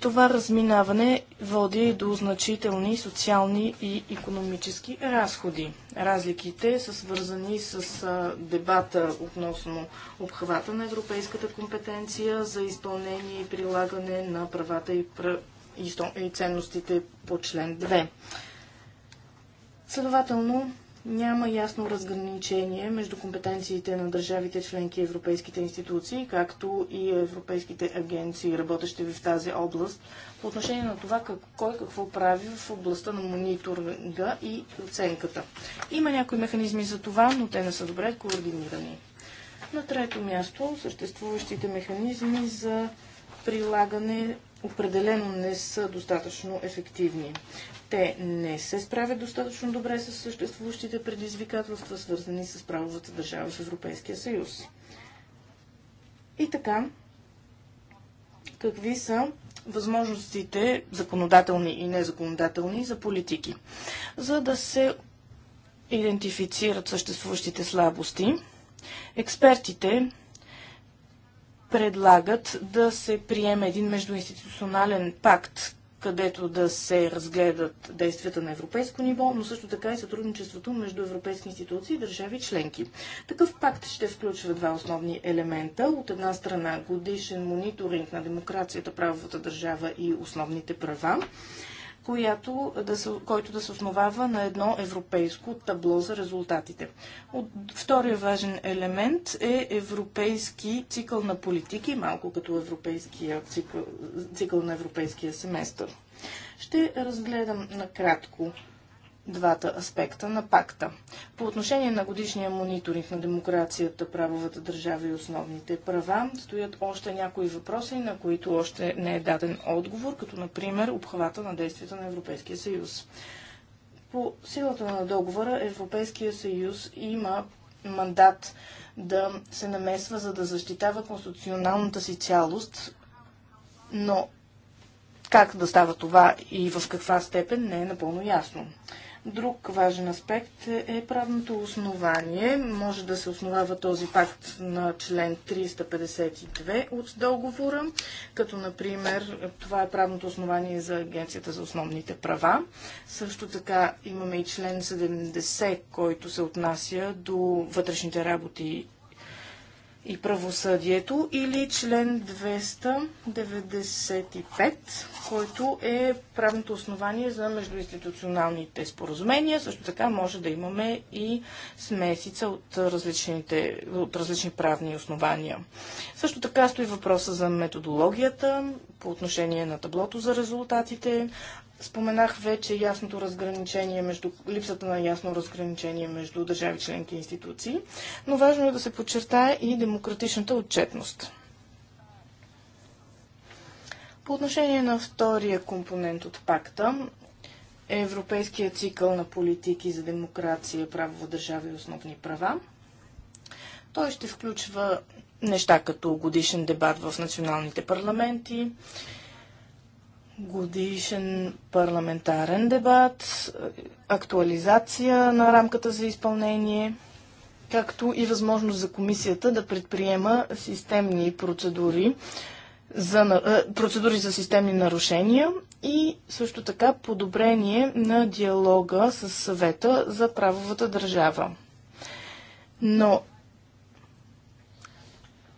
Това разминаване води до значителни социални и економически разходи. Разликите са свързани с дебата относно обхвата на европейската компетенция за изпълнение и прилагане на правата и, пр... и ценностите по член 2. Следователно, няма ясно разграничение между компетенциите на държавите членки и европейските институции, както и европейските агенции, работещи в тази област, по отношение на това как, кой какво прави в областта на мониторинга и оценката. Има някои механизми за това, но те не са добре координирани. На трето място съществуващите механизми за прилагане определено не са достатъчно ефективни. Те не се справят достатъчно добре с съществуващите предизвикателства, свързани с правовата държава в Европейския съюз. И така, какви са възможностите, законодателни и незаконодателни, за политики, за да се идентифицират съществуващите слабости. Експертите предлагат да се приеме един междуинституционален пакт, където да се разгледат действията на европейско ниво, но също така и сътрудничеството между европейски институции и държави членки. Такъв пакт ще включва два основни елемента. От една страна годишен мониторинг на демокрацията, правовата държава и основните права която да се, който да се основава на едно европейско табло за резултатите. От, втория важен елемент е европейски цикъл на политики, малко като европейския цикъл, цикъл на европейския семестър. Ще разгледам накратко двата аспекта на пакта. По отношение на годишния мониторинг на демокрацията, правовата държава и основните права, стоят още някои въпроси, на които още не е даден отговор, като например обхвата на действията на Европейския съюз. По силата на договора Европейския съюз има мандат да се намесва, за да защитава конституционалната си цялост, но как да става това и в каква степен не е напълно ясно. Друг важен аспект е правното основание. Може да се основава този пакт на член 352 от договора, като например това е правното основание за Агенцията за основните права. Също така имаме и член 70, който се отнася до вътрешните работи и правосъдието или член 295, който е правното основание за междуинституционалните споразумения. Също така може да имаме и смесица от, различните, от различни правни основания. Също така стои въпроса за методологията по отношение на таблото за резултатите, Споменах вече ясното разграничение между, липсата на ясно разграничение между държави членки и институции, но важно е да се подчертае и демократичната отчетност. По отношение на втория компонент от пакта, Европейския цикъл на политики за демокрация, правова държава и основни права, той ще включва неща като годишен дебат в националните парламенти, годишен парламентарен дебат, актуализация на рамката за изпълнение, както и възможност за комисията да предприема системни процедури за, е, процедури за системни нарушения и също така подобрение на диалога с съвета за правовата държава. Но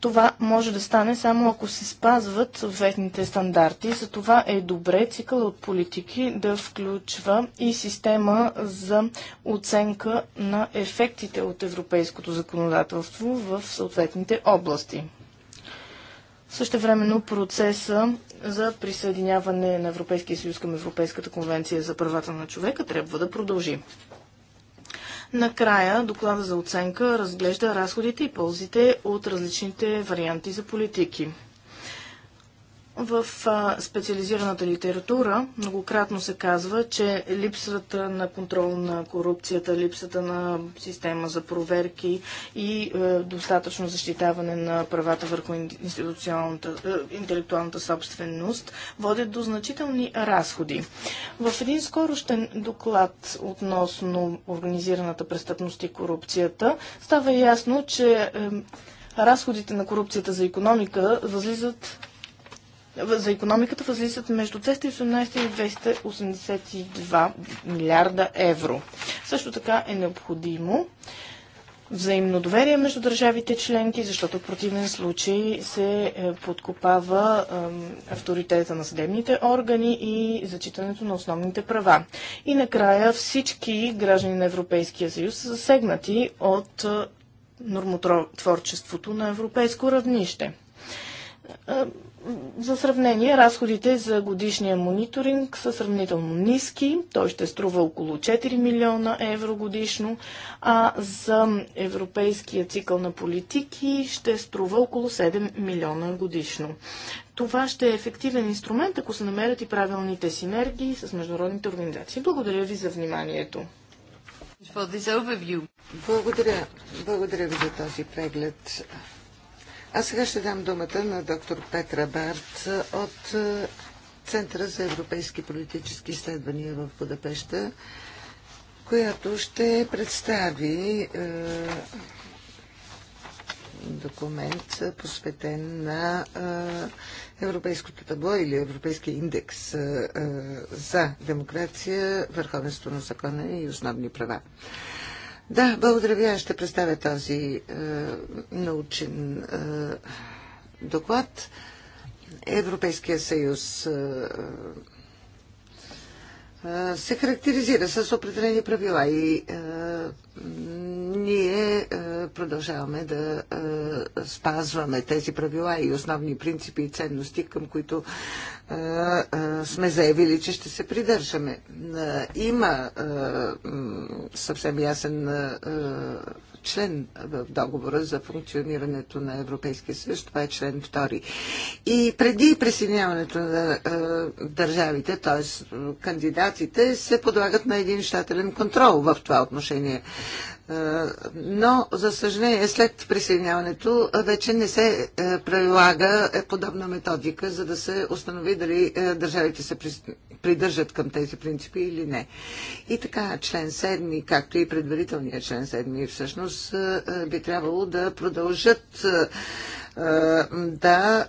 това може да стане само ако се спазват съответните стандарти. За това е добре цикъл от политики да включва и система за оценка на ефектите от европейското законодателство в съответните области. Същевременно процеса за присъединяване на Европейския съюз към Европейската конвенция за правата на човека трябва да продължи. Накрая доклада за оценка разглежда разходите и ползите от различните варианти за политики. В специализираната литература многократно се казва, че липсата на контрол на корупцията, липсата на система за проверки и е, достатъчно защитаване на правата върху е, интелектуалната собственост водят до значителни разходи. В един скорощен доклад относно организираната престъпност и корупцията става ясно, че е, разходите на корупцията за економика възлизат за економиката възлизат между 218 и 282 милиарда евро. Също така е необходимо взаимно доверие между държавите членки, защото в противен случай се е, подкопава авторитета на съдебните органи и зачитането на основните права. И накрая всички граждани на Европейския съюз са засегнати от е, нормотворчеството на европейско равнище. Е, за сравнение, разходите за годишния мониторинг са сравнително ниски. Той ще струва около 4 милиона евро годишно, а за европейския цикъл на политики ще струва около 7 милиона годишно. Това ще е ефективен инструмент, ако се намерят и правилните синергии с международните организации. Благодаря ви за вниманието. Благодаря. Благодаря ви за този преглед. А сега ще дам думата на доктор Петра Барт от е, Центъра за европейски политически изследвания в Будапеща, която ще представи е, документ, посветен на е, Европейското табло или Европейския индекс за демокрация, върховенство на закона и основни права. Да, благодаря ви. Аз ще представя този е, научен е, доклад. Европейския съюз е, се характеризира с определени правила и ние продължаваме да спазваме тези правила и основни принципи и ценности, към които сме заявили, че ще се придържаме. има съвсем ясен член в договора за функционирането на Европейския съюз. Това е член 2. И преди присъединяването на е, държавите, т.е. кандидатите, се подлагат на един щателен контрол в това отношение. Е, но за съжаление след присъединяването е, вече не се е, прилага подобна методика, за да се установи дали държавите се придържат към тези принципи или не. И така, член 7, както и предварителният член 7, всъщност би трябвало да продължат е, да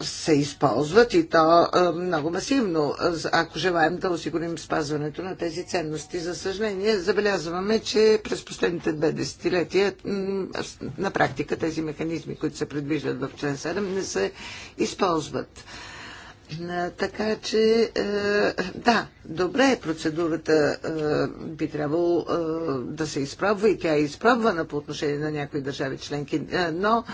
е, се използват и то е, много масивно, ако желаем да осигурим спазването на тези ценности. За съжаление, забелязваме, че през последните две десетилетия на практика тези механизми, които се предвиждат в член 7, не се използват. Така че, е, да, добре, е процедурата е, би трябвало да се изпробва и тя е изпробвана по отношение на някои държави членки, но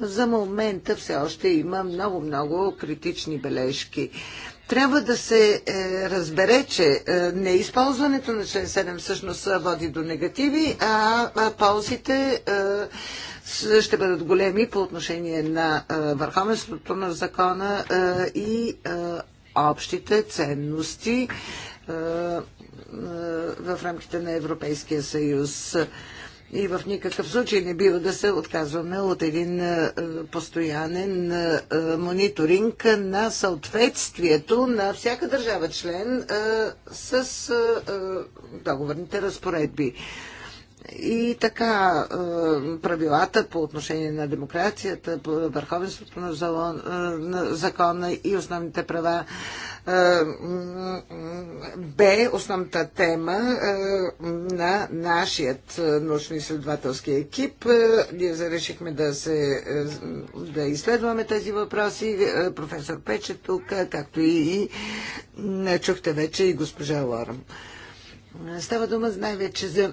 за момента все още има много-много критични бележки трябва да се е, разбере, че е, използването на член 7 всъщност води до негативи, а, а ползите е, ще бъдат големи по отношение на е, върховенството на закона е, и е, общите ценности е, е, в рамките на Европейския съюз. Е, и в никакъв случай не бива да се отказваме от един е, постоянен е, е, мониторинг на съответствието на всяка държава член с договорните разпоредби. И така, е, правилата по отношение на демокрацията, върховенството е, на закона и основните права е, бе основната тема на нашият научно-изследователски екип. Ние зарешихме да, се, да изследваме тези въпроси. Професор Пече тук, както и, и чухте вече и госпожа Лорам. Става дума най-вече за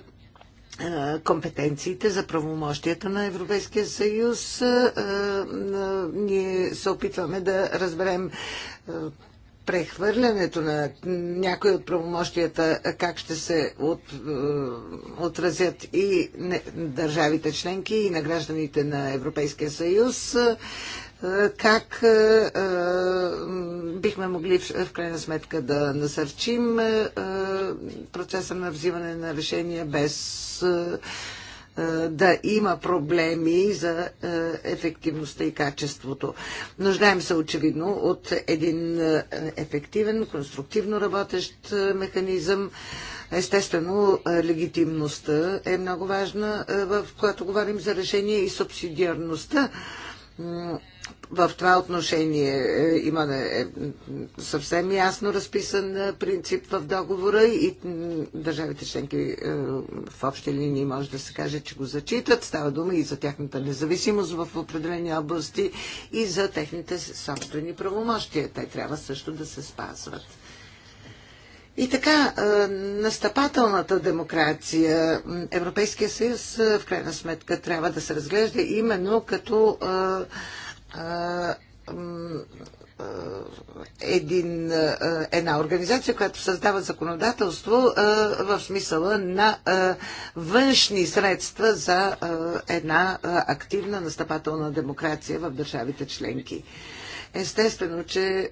компетенциите, за правомощията на Европейския съюз. Ние се опитваме да разберем прехвърлянето на някои от правомощията, как ще се от, отразят и държавите членки и на гражданите на Европейския съюз как е, е, бихме могли в крайна сметка да насърчим е, процеса на взимане на решения без да има проблеми за ефективността и качеството. Нуждаем се очевидно от един ефективен, конструктивно работещ механизъм. Естествено, легитимността е много важна, в която говорим за решение и субсидиарността в това отношение е, има е, е, съвсем ясно разписан принцип в договора и държавите членки в общи линии може да се каже, че го зачитат. Става дума и за тяхната независимост в определени области и за техните собствени правомощия. Те трябва също да се спазват. И така, настъпателната демокрация, Европейския съюз в крайна сметка трябва да се разглежда именно като един, една организация, която създава законодателство в смисъла на външни средства за една активна настъпателна демокрация в държавите членки. Естествено, че е,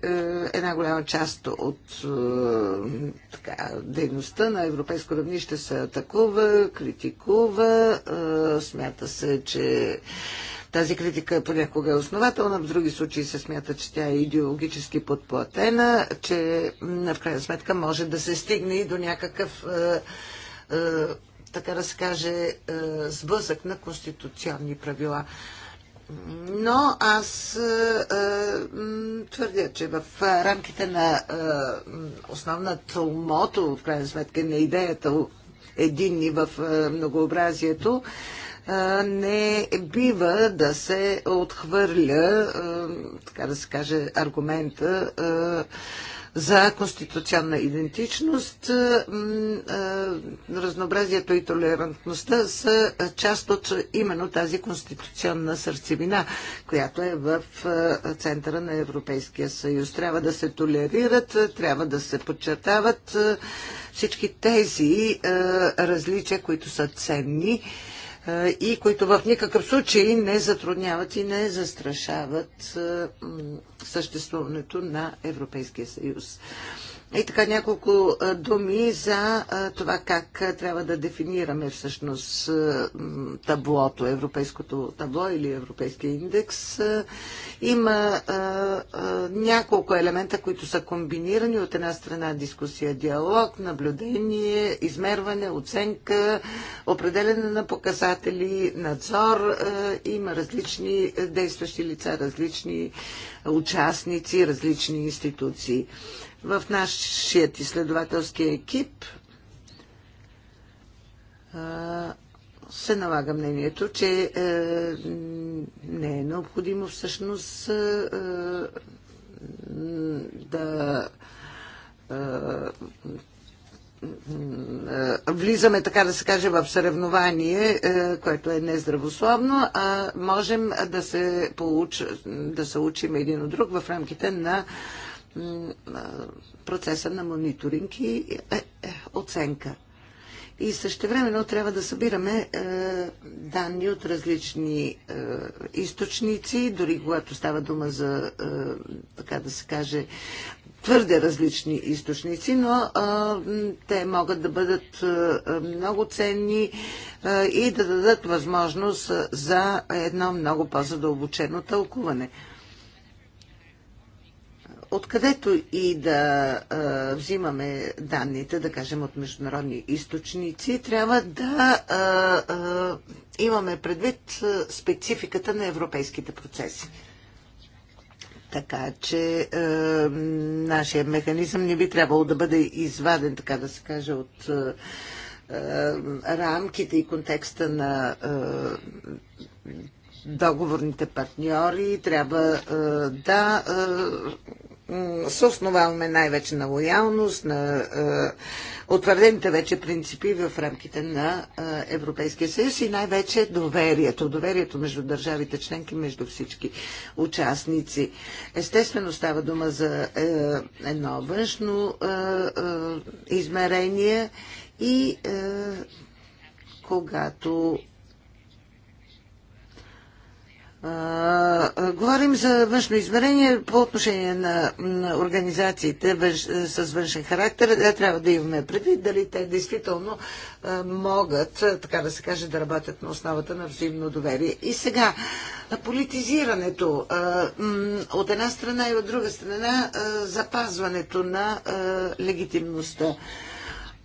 една голяма част от е, така, дейността на европейско равнище се атакува, критикува, е, смята се, че тази критика понякога е основателна, в други случаи се смята, че тя е идеологически подплатена, че в крайна сметка може да се стигне и до някакъв, е, е, така да се каже, е, сблъсък на конституционни правила но аз е, е, твърдя, че в рамките на е, основната мото, в крайна сметка, на идеята единни в многообразието, не бива да се отхвърля, така да се каже, аргумента за конституционна идентичност. Разнообразието и толерантността са част от именно тази конституционна сърцевина, която е в центъра на Европейския съюз. Трябва да се толерират, трябва да се подчертават всички тези различия, които са ценни и които в никакъв случай не затрудняват и не застрашават съществуването на Европейския съюз. И така няколко думи за това как трябва да дефинираме всъщност таблото, европейското табло или европейския индекс. Има няколко елемента, които са комбинирани. От една страна дискусия, диалог, наблюдение, измерване, оценка, определене на показатели, надзор. Има различни действащи лица, различни участници, различни институции в нашият изследователски екип се налага мнението, че е, не е необходимо всъщност е, е, да влизаме, така да се каже, в съревнование, което е нездравословно, а можем да се, получ... да се учим един от друг в рамките на процеса на мониторинг и е, е, оценка. И същевременно трябва да събираме е, данни от различни източници, дори когато става дума за, така да се каже, твърде различни източници, но те могат да бъдат много ценни и да дадат възможност за едно много по-задълбочено тълкуване откъдето и да а, взимаме данните, да кажем от международни източници, трябва да а, а, имаме предвид спецификата на европейските процеси. Така че а, нашия механизъм не би трябвало да бъде изваден, така да се каже, от а, рамките и контекста на А, договорните партньори, трябва е, да е, се основаваме най-вече на лоялност, на е, утвърдените вече принципи в рамките на Европейския съюз и най-вече доверието. Доверието между държавите членки, между всички участници. Естествено става дума за едно външно измерение и когато говорим за външно измерение по отношение на, на организациите въж, с външен характер. Е, трябва да имаме предвид дали те действително а, могат, така да се каже, да работят на основата на взаимно доверие. И сега, политизирането а, от една страна и от друга страна а, запазването на легитимността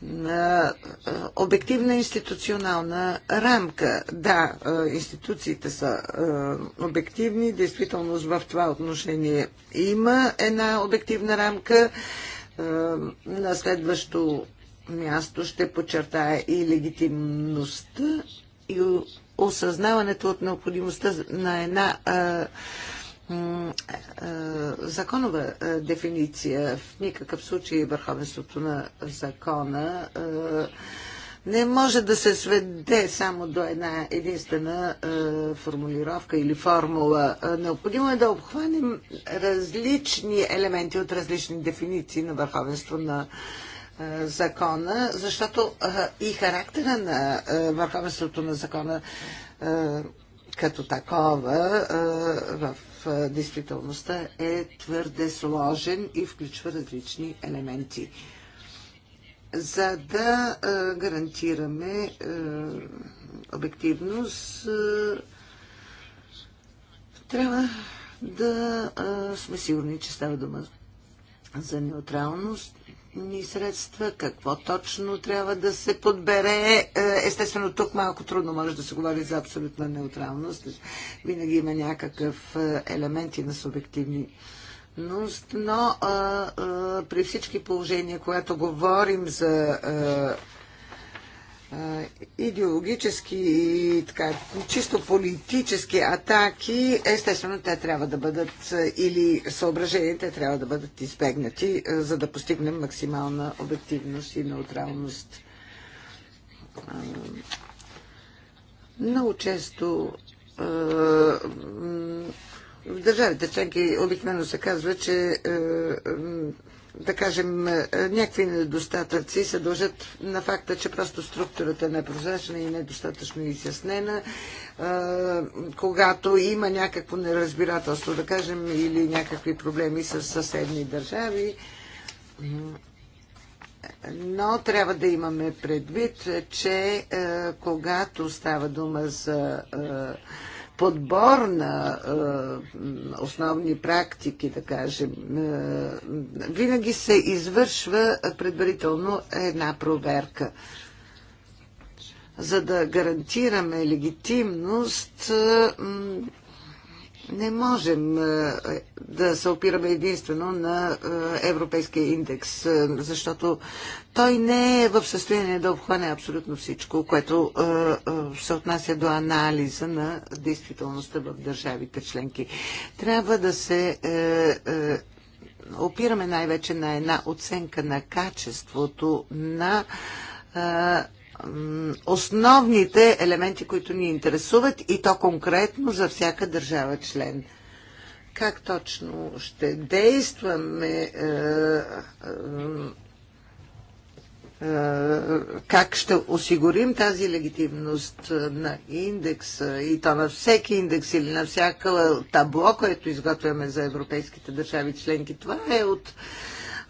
на е, обективна институционална рамка. Да, е, институциите са е, обективни, действителност в това отношение има една обективна рамка. На следващо място ще подчертая и легитимността и осъзнаването от необходимостта на една е, е, законова е, дефиниция. В никакъв случай върховенството на закона не може да се сведе само до една единствена формулировка или формула. Необходимо е да обхванем различни елементи от различни дефиниции на върховенство на закона, защото и характера на върховенството на закона като такова в действителността е твърде сложен и включва различни елементи. За да гарантираме обективност, трябва да сме сигурни, че става дума за неутралност, ни средства, какво точно трябва да се подбере. Е, естествено, тук малко трудно може да се говори за абсолютна неутралност. Винаги има някакъв е, елемент и на субективни но, но а, а, при всички положения, когато говорим за а, е, идеологически и така, чисто политически атаки, естествено те трябва да бъдат или съображените трябва да бъдат избегнати, за да постигнем максимална обективност и неутралност. Много често в държавите членки обикновено се казва, че да кажем, е, някакви недостатъци се дължат на факта, че просто структурата не е прозрачна и недостатъчно изяснена. Е, когато има някакво неразбирателство, да кажем, или някакви проблеми с съседни държави, но трябва да имаме предвид, че е, когато става дума за подбор на е, основни практики, да кажем, е, винаги се извършва предварително една проверка. За да гарантираме легитимност, не можем е, да се опираме единствено на е, Европейския индекс, е, защото той не е в състояние да обхване абсолютно всичко, което се отнася до анализа на действителността в държавите членки. Трябва да се опираме най-вече на една оценка на качеството на основните елементи, които ни интересуват и то конкретно за всяка държава член. Как точно ще действаме? Е, е, е, как ще осигурим тази легитимност на индекса и то на всеки индекс или на всяка табло, което изготвяме за европейските държави членки. Това е от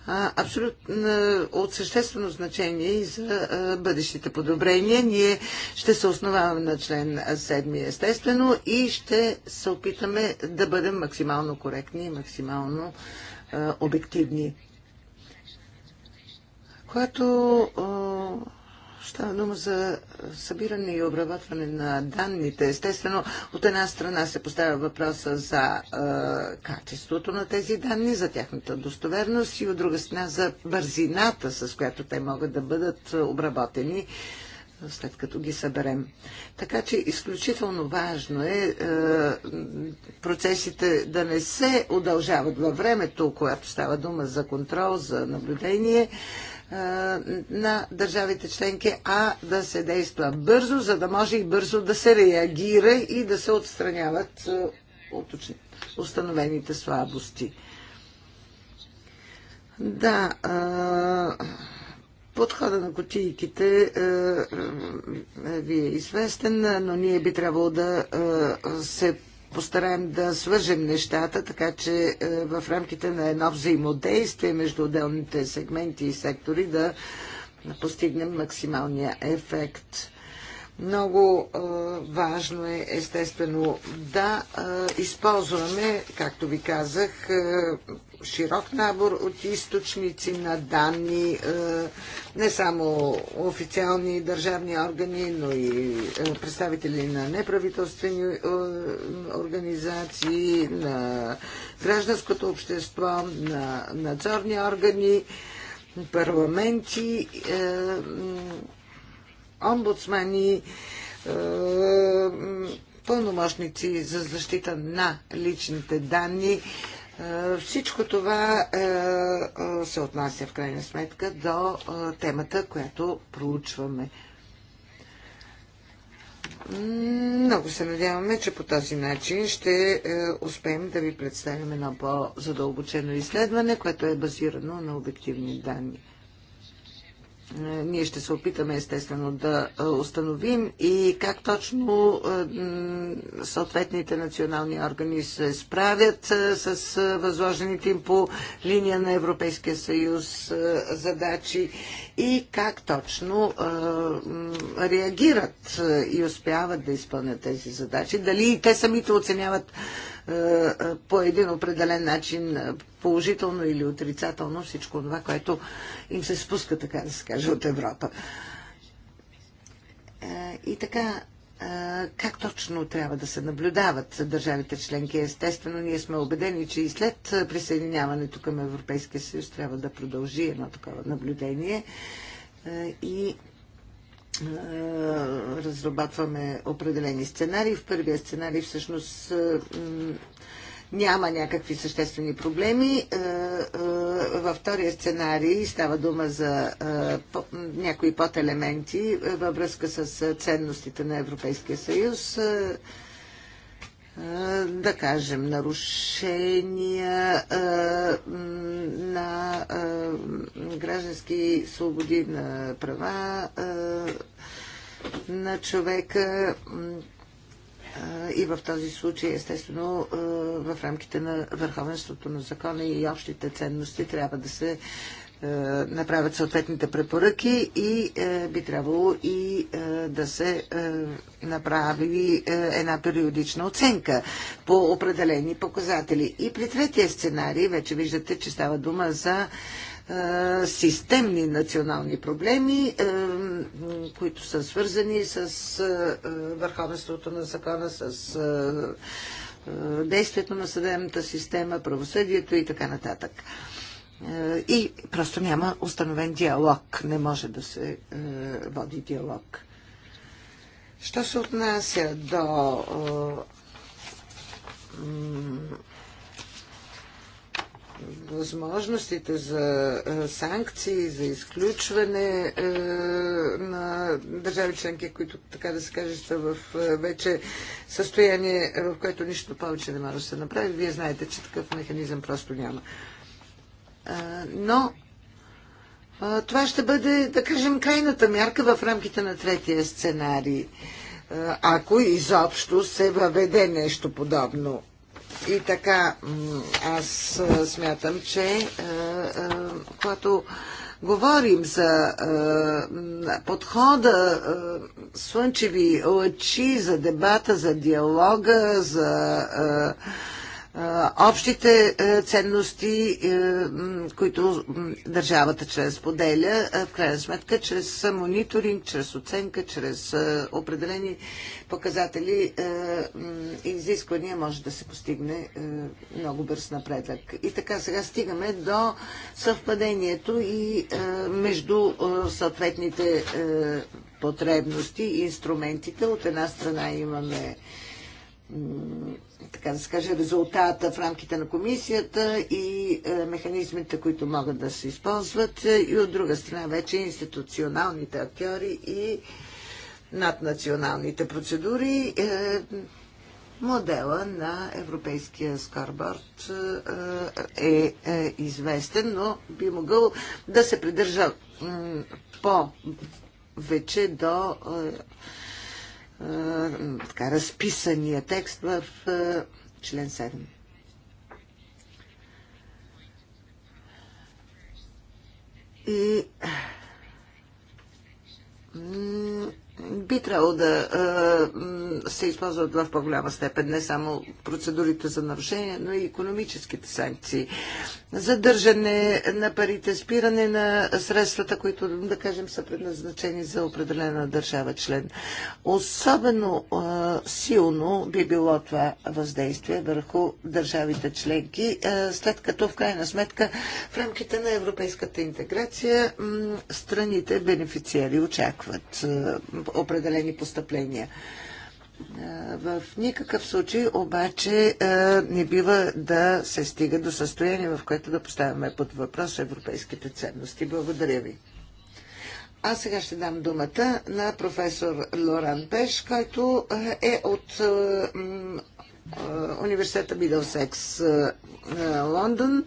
абсолютно от съществено значение и за бъдещите подобрения. Ние ще се основаваме на член 7 естествено и ще се опитаме да бъдем максимално коректни и максимално обективни. Когато Става дума за събиране и обработване на данните. Естествено, от една страна се поставя въпроса за е, качеството на тези данни, за тяхната достоверност и от друга страна за бързината, с която те могат да бъдат обработени след като ги съберем. Така че изключително важно е, е процесите да не се удължават във времето, когато става дума за контрол, за наблюдение. Е, на държавите членки, а да се действа бързо, за да може и бързо да се реагира и да се отстраняват от установените слабости. Да, подхода на котийките ви е известен, но ние би трябвало да се постараем да свържем нещата, така че е, в рамките на едно взаимодействие между отделните сегменти и сектори да постигнем максималния ефект. Много а, важно е, естествено, да а, използваме, както ви казах, а, широк набор от източници на данни, а, не само официални държавни органи, но и а, представители на неправителствени а, организации, на гражданското общество, на надзорни органи, парламенти. А, омбудсмани, е, пълномощници за защита на личните данни. Е, всичко това е, се отнася в крайна сметка до темата, която проучваме. Много се надяваме, че по този начин ще успеем да ви представим едно по-задълбочено изследване, което е базирано на обективни данни. Е, ние ще се опитаме естествено да е, установим и как точно е, съответните национални органи се справят с възложените им по линия на Европейския съюз задачи и как точно реагират и успяват да изпълнят тези задачи. Дали и те самите оценяват е, е, по един определен начин, е, положително или отрицателно, всичко това, което им се спуска, така да се каже, от Европа. И така, как точно трябва да се наблюдават държавите членки? Естествено, ние сме убедени, че и след присъединяването към Европейския съюз трябва да продължи едно такова наблюдение. И е, разрабатваме определени сценарии. В първия сценарий всъщност е, няма някакви съществени проблеми. Е, във втория сценарий става дума за някои поделементи във връзка с ценностите на Европейския съюз да кажем, нарушения на граждански свободи, на права на човека. И в този случай, естествено, в рамките на върховенството на закона и общите ценности трябва да се е, направят съответните препоръки и е, би трябвало и е, да се направи една периодична оценка по определени показатели. И при третия сценарий вече виждате, че става дума за системни национални проблеми, които са свързани с върховенството на закона, с действието на съдебната система, правосъдието и така нататък. Е, и просто няма установен диалог. Не може да се е, води диалог. Що се отнася до е, възможностите за санкции, за изключване на държави членки, които, така да се каже, са в вече състояние, в което нищо повече не може да се направи. Вие знаете, че такъв механизъм просто няма но това ще бъде, да кажем, крайната мярка в рамките на третия сценарий. Ако изобщо се въведе нещо подобно. И така, аз смятам, че когато говорим за подхода слънчеви лъчи, за дебата, за диалога, за общите ценности, които държавата чрез споделя, в крайна сметка, чрез мониторинг, чрез оценка, чрез определени показатели и изисквания може да се постигне много бърз напредък. И така сега стигаме до съвпадението и между съответните потребности и инструментите. От една страна имаме така да скажа, резултата в рамките на комисията и е, механизмите, които могат да се използват. И от друга страна вече институционалните актьори и наднационалните процедури. Е, модела на европейския скорборд е, е известен, но би могъл да се придържа по-вече до така разписания текст в член 7. И би трябвало да се използват в по-голяма степен не само процедурите за нарушение, но и економическите санкции. Задържане на парите, спиране на средствата, които, да кажем, са предназначени за определена държава член. Особено силно би било това въздействие върху държавите членки, след като в крайна сметка в рамките на европейската интеграция страните бенефициери очакват определени постъпления. В никакъв случай обаче не бива да се стига до състояние, в което да поставяме под въпрос европейските ценности. Благодаря ви. А сега ще дам думата на професор Лоран Пеш, който е от университета Мидълсекс Лондон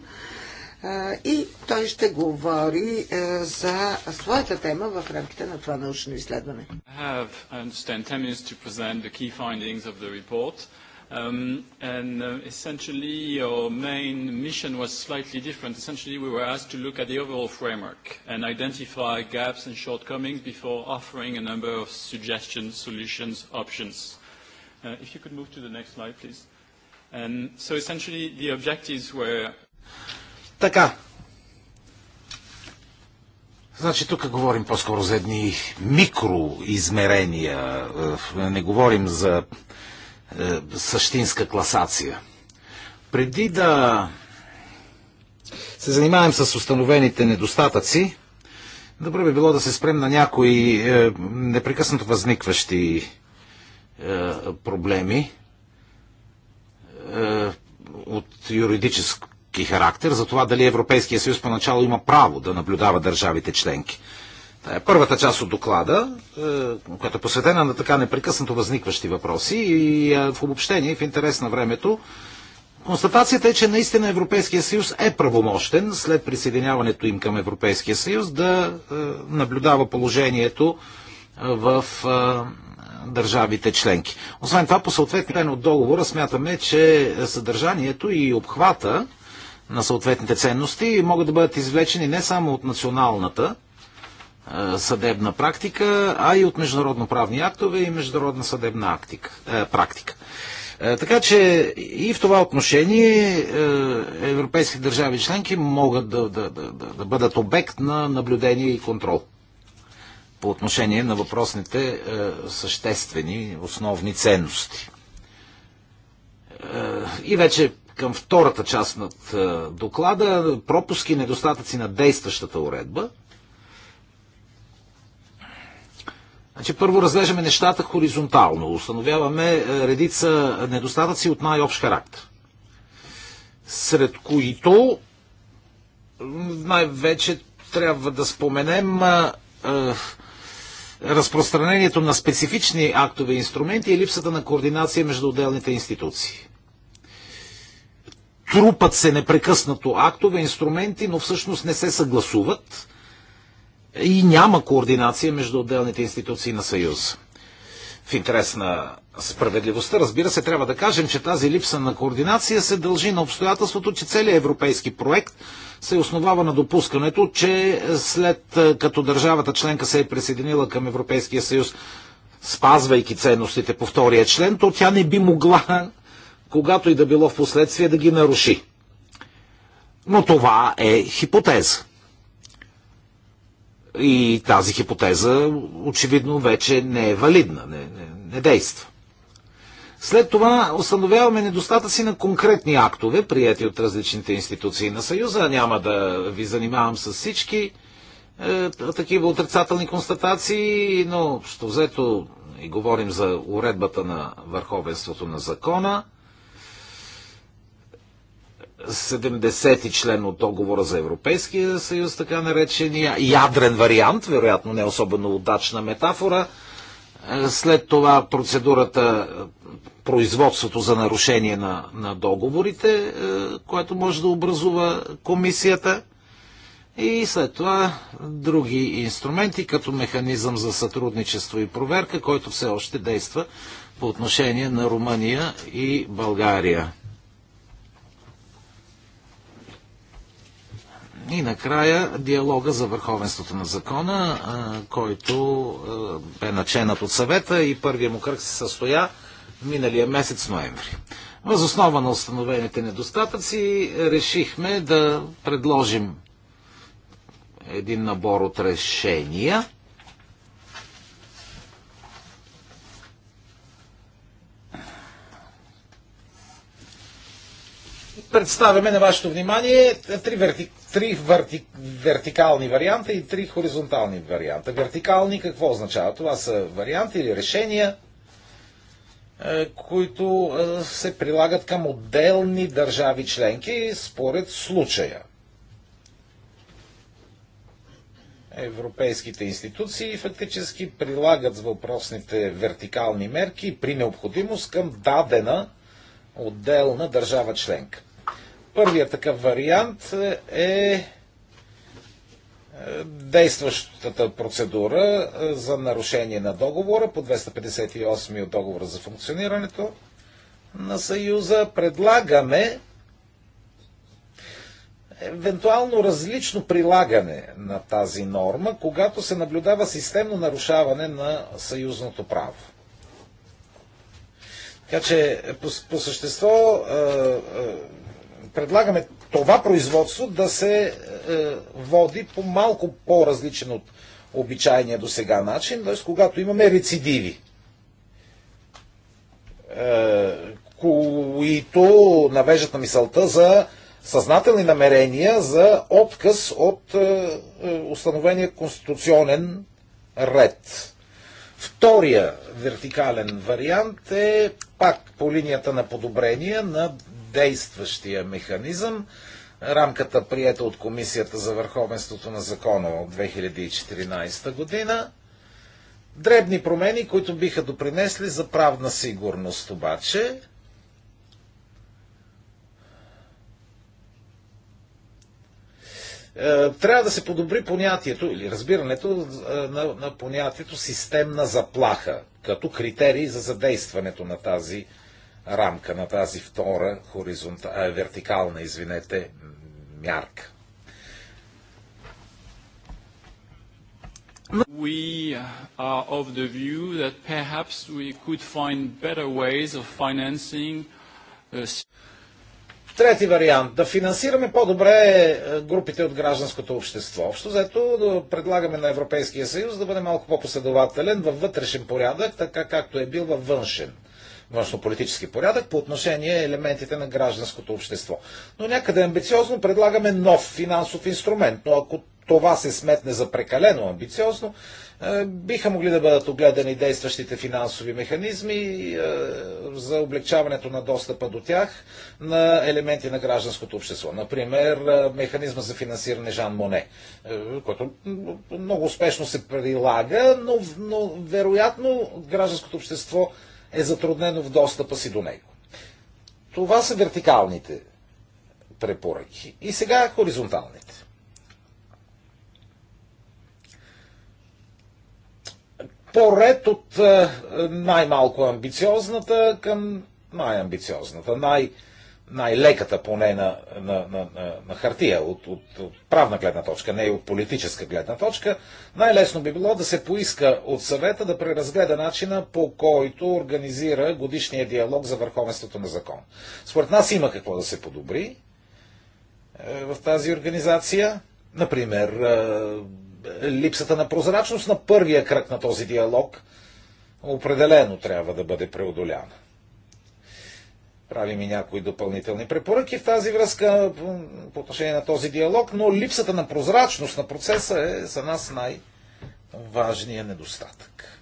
и той ще говори за своята тема в рамките на това научно изследване. Um, and uh, essentially, our main mission was slightly different. Essentially, we were asked to look at the overall framework and identify gaps and shortcomings before offering a number of suggestions, solutions, options. Uh, if you could move to the next slide, please. And so essentially, the objectives were така. Значи тук говорим по-скоро за едни микроизмерения. Е, не говорим за е, същинска класация. Преди да се занимаем с установените недостатъци, добре би било да се спрем на някои е, непрекъснато възникващи е, проблеми е, от юридическо политически характер за това дали Европейския съюз поначало има право да наблюдава държавите членки. Та е първата част от доклада, е, която е посветена на така непрекъснато възникващи въпроси и е, в обобщение, в интерес на времето, Констатацията е, че наистина Европейския съюз е правомощен след присъединяването им към Европейския съюз да е, наблюдава положението в държавите членки. Освен това, по съответния от договора смятаме, че съдържанието и обхвата на съответните ценности и могат да бъдат извлечени не само от националната е, съдебна практика, а и от международноправни актове и международна съдебна актика, е, практика. Е, така че и в това отношение европейски държави членки могат да, да, да, да бъдат обект на наблюдение и контрол по отношение на въпросните съществени, основни ценности. И вече към втората част на е, доклада пропуски и недостатъци на действащата уредба. Значи, първо разглеждаме нещата хоризонтално. Установяваме е, редица недостатъци от най-общ характер. Сред които най-вече трябва да споменем а, е, а, разпространението на специфични актове и инструменти и липсата на координация между отделните институции трупат се непрекъснато актове, инструменти, но всъщност не се съгласуват и няма координация между отделните институции на Съюз. В интерес на справедливостта, разбира се, трябва да кажем, че тази липса на координация се дължи на обстоятелството, че целият европейски проект се основава на допускането, че след е, като държавата членка се е присъединила към Европейския съюз, спазвайки ценностите по втория член, то тя не би могла когато и да било в последствие да ги наруши. Но това е хипотеза. И тази хипотеза очевидно вече не е валидна, не, не, не действа. След това установяваме недостатъци на конкретни актове, прияти от различните институции на Съюза. Няма да ви занимавам с всички е, такива отрицателни констатации, но що взето и говорим за уредбата на върховенството на закона – 70-ти член от договора за Европейския съюз, така наречения ядрен вариант, вероятно не особено удачна метафора. След това процедурата, производството за нарушение на, на договорите, което може да образува комисията. И след това други инструменти, като механизъм за сътрудничество и проверка, който все още действа по отношение на Румъния и България. И накрая диалога за върховенството на закона, който бе наченат от съвета и първия му кръг се състоя миналия месец ноември. Въз основа на установените недостатъци решихме да предложим един набор от решения – представяме на вашето внимание три, верти, три върти, вертикални варианта и три хоризонтални варианта. Вертикални какво означава? Това са варианти или решения, е, които е, се прилагат към отделни държави членки според случая. Европейските институции фактически прилагат въпросните вертикални мерки при необходимост към дадена отделна държава членка. Първият такъв вариант е, е действащата процедура е, за нарушение на договора по 258 от договора за функционирането на Съюза. Предлагаме евентуално различно прилагане на тази норма, когато се наблюдава системно нарушаване на съюзното право. Така че по, по същество е, предлагаме това производство да се е, води по малко по-различен от обичайния до сега начин, т.е. когато имаме рецидиви, е, които навеждат на мисълта за съзнателни намерения за отказ от е, установения конституционен ред. Втория вертикален вариант е пак по линията на подобрение на действащия механизъм, рамката приета от Комисията за върховенството на закона от 2014 година. Дребни промени, които биха допринесли за правна сигурност обаче. Е, трябва да се подобри понятието или разбирането е, на, на понятието системна заплаха като критерий за задействането на тази рамка на тази втора хоризонта, а, вертикална, извинете, мярка. We uh, are of the view that perhaps we could find better ways of financing uh, Трети вариант. Да финансираме по-добре е, групите от гражданското общество. Общо заето да предлагаме на Европейския съюз да бъде малко по-последователен във вътрешен порядък, така както е бил във външен външнополитически порядък по отношение елементите на гражданското общество. Но някъде амбициозно предлагаме нов финансов инструмент, но ако това се сметне за прекалено амбициозно, е, биха могли да бъдат огледани действащите финансови механизми е, за облегчаването на достъпа до тях на елементи на гражданското общество. Например, е, механизма за финансиране Жан Моне, който много успешно се прилага, но, но вероятно гражданското общество е затруднено в достъпа си до него. Това са вертикалните препоръки. И сега хоризонталните. Поред от е, най-малко амбициозната към най-амбициозната, най-амбициозната най-леката поне на, на, на, на хартия, от, от, правна гледна точка, не и от политическа гледна точка, най-лесно би било да се поиска от съвета да преразгледа начина по който организира годишния диалог за върховенството на закон. Според нас има какво да се подобри е, в тази организация. Например, е, липсата на прозрачност на първия кръг на този диалог определено трябва да бъде преодоляна. Правим и някои допълнителни препоръки в тази връзка по отношение на този диалог, но липсата на прозрачност на процеса е за нас най-важният недостатък.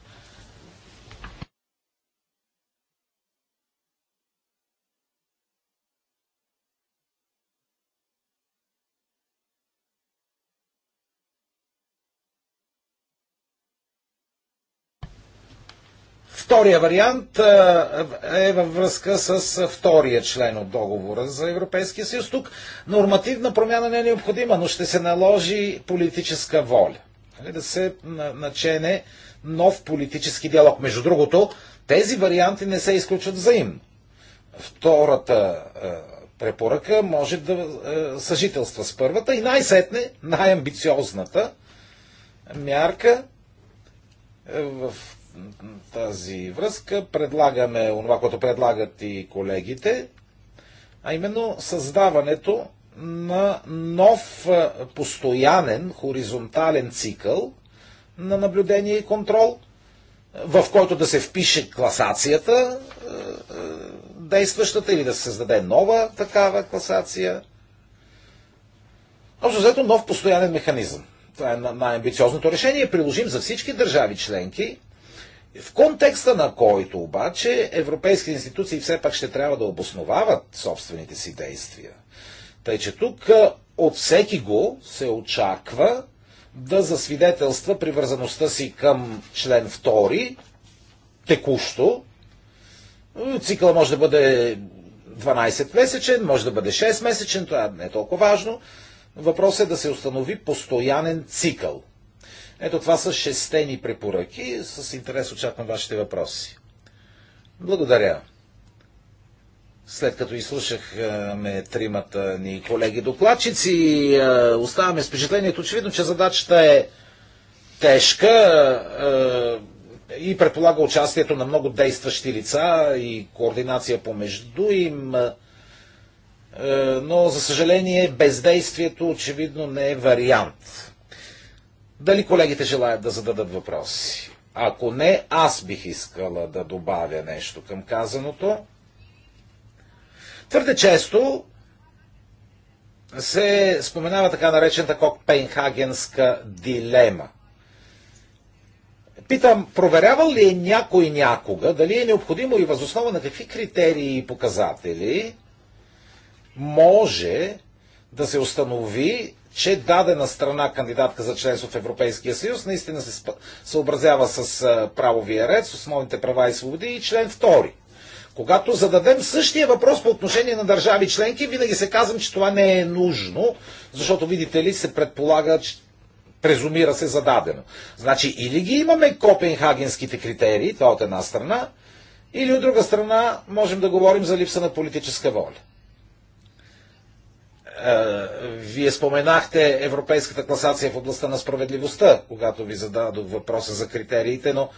Втория вариант е във връзка с втория член от договора за Европейския съюз. Тук нормативна промяна не е необходима, но ще се наложи политическа воля. Нали, да се начене нов политически диалог. Между другото, тези варианти не се изключват взаимно. Втората препоръка може да съжителства с първата и най-сетне, най-амбициозната мярка в тази връзка предлагаме онова, което предлагат и колегите, а именно създаването на нов е, постоянен хоризонтален цикъл на наблюдение и контрол, е, в който да се впише класацията е, действащата или да се създаде нова такава класация. Общо взето нов постоянен механизъм. Това е най-амбициозното решение, приложим за всички държави членки в контекста на който обаче европейски институции все пак ще трябва да обосновават собствените си действия. Тъй, че тук от всеки го се очаква да засвидетелства привързаността си към член 2 текущо. Цикъл може да бъде 12-месечен, може да бъде 6-месечен, това не е толкова важно. Въпросът е да се установи постоянен цикъл – ето това са шестени препоръки. С интерес очаквам вашите въпроси. Благодаря. След като изслушахме тримата ни колеги докладчици, е, оставаме с впечатлението, очевидно, че задачата е тежка е, и предполага участието на много действащи лица и координация помежду им. Е, но, за съжаление, бездействието очевидно не е вариант. Дали колегите желаят да зададат въпроси? Ако не, аз бих искала да добавя нещо към казаното. Твърде често се споменава така наречената Копенхагенска дилема. Питам, проверявал ли е някой някога, дали е необходимо и възоснова на какви критерии и показатели може да се установи че дадена страна кандидатка за членство в Европейския съюз наистина се съобразява с правовия ред, с основните права и свободи и член 2. Когато зададем същия въпрос по отношение на държави членки, винаги се казвам, че това не е нужно, защото, видите ли, се предполага, че презумира се зададено. Значи, или ги имаме копенхагенските критерии, това от една страна, или от друга страна можем да говорим за липса на политическа воля. Е, вие споменахте европейската класация в областта на справедливостта, когато ви зададох въпроса за критериите, но,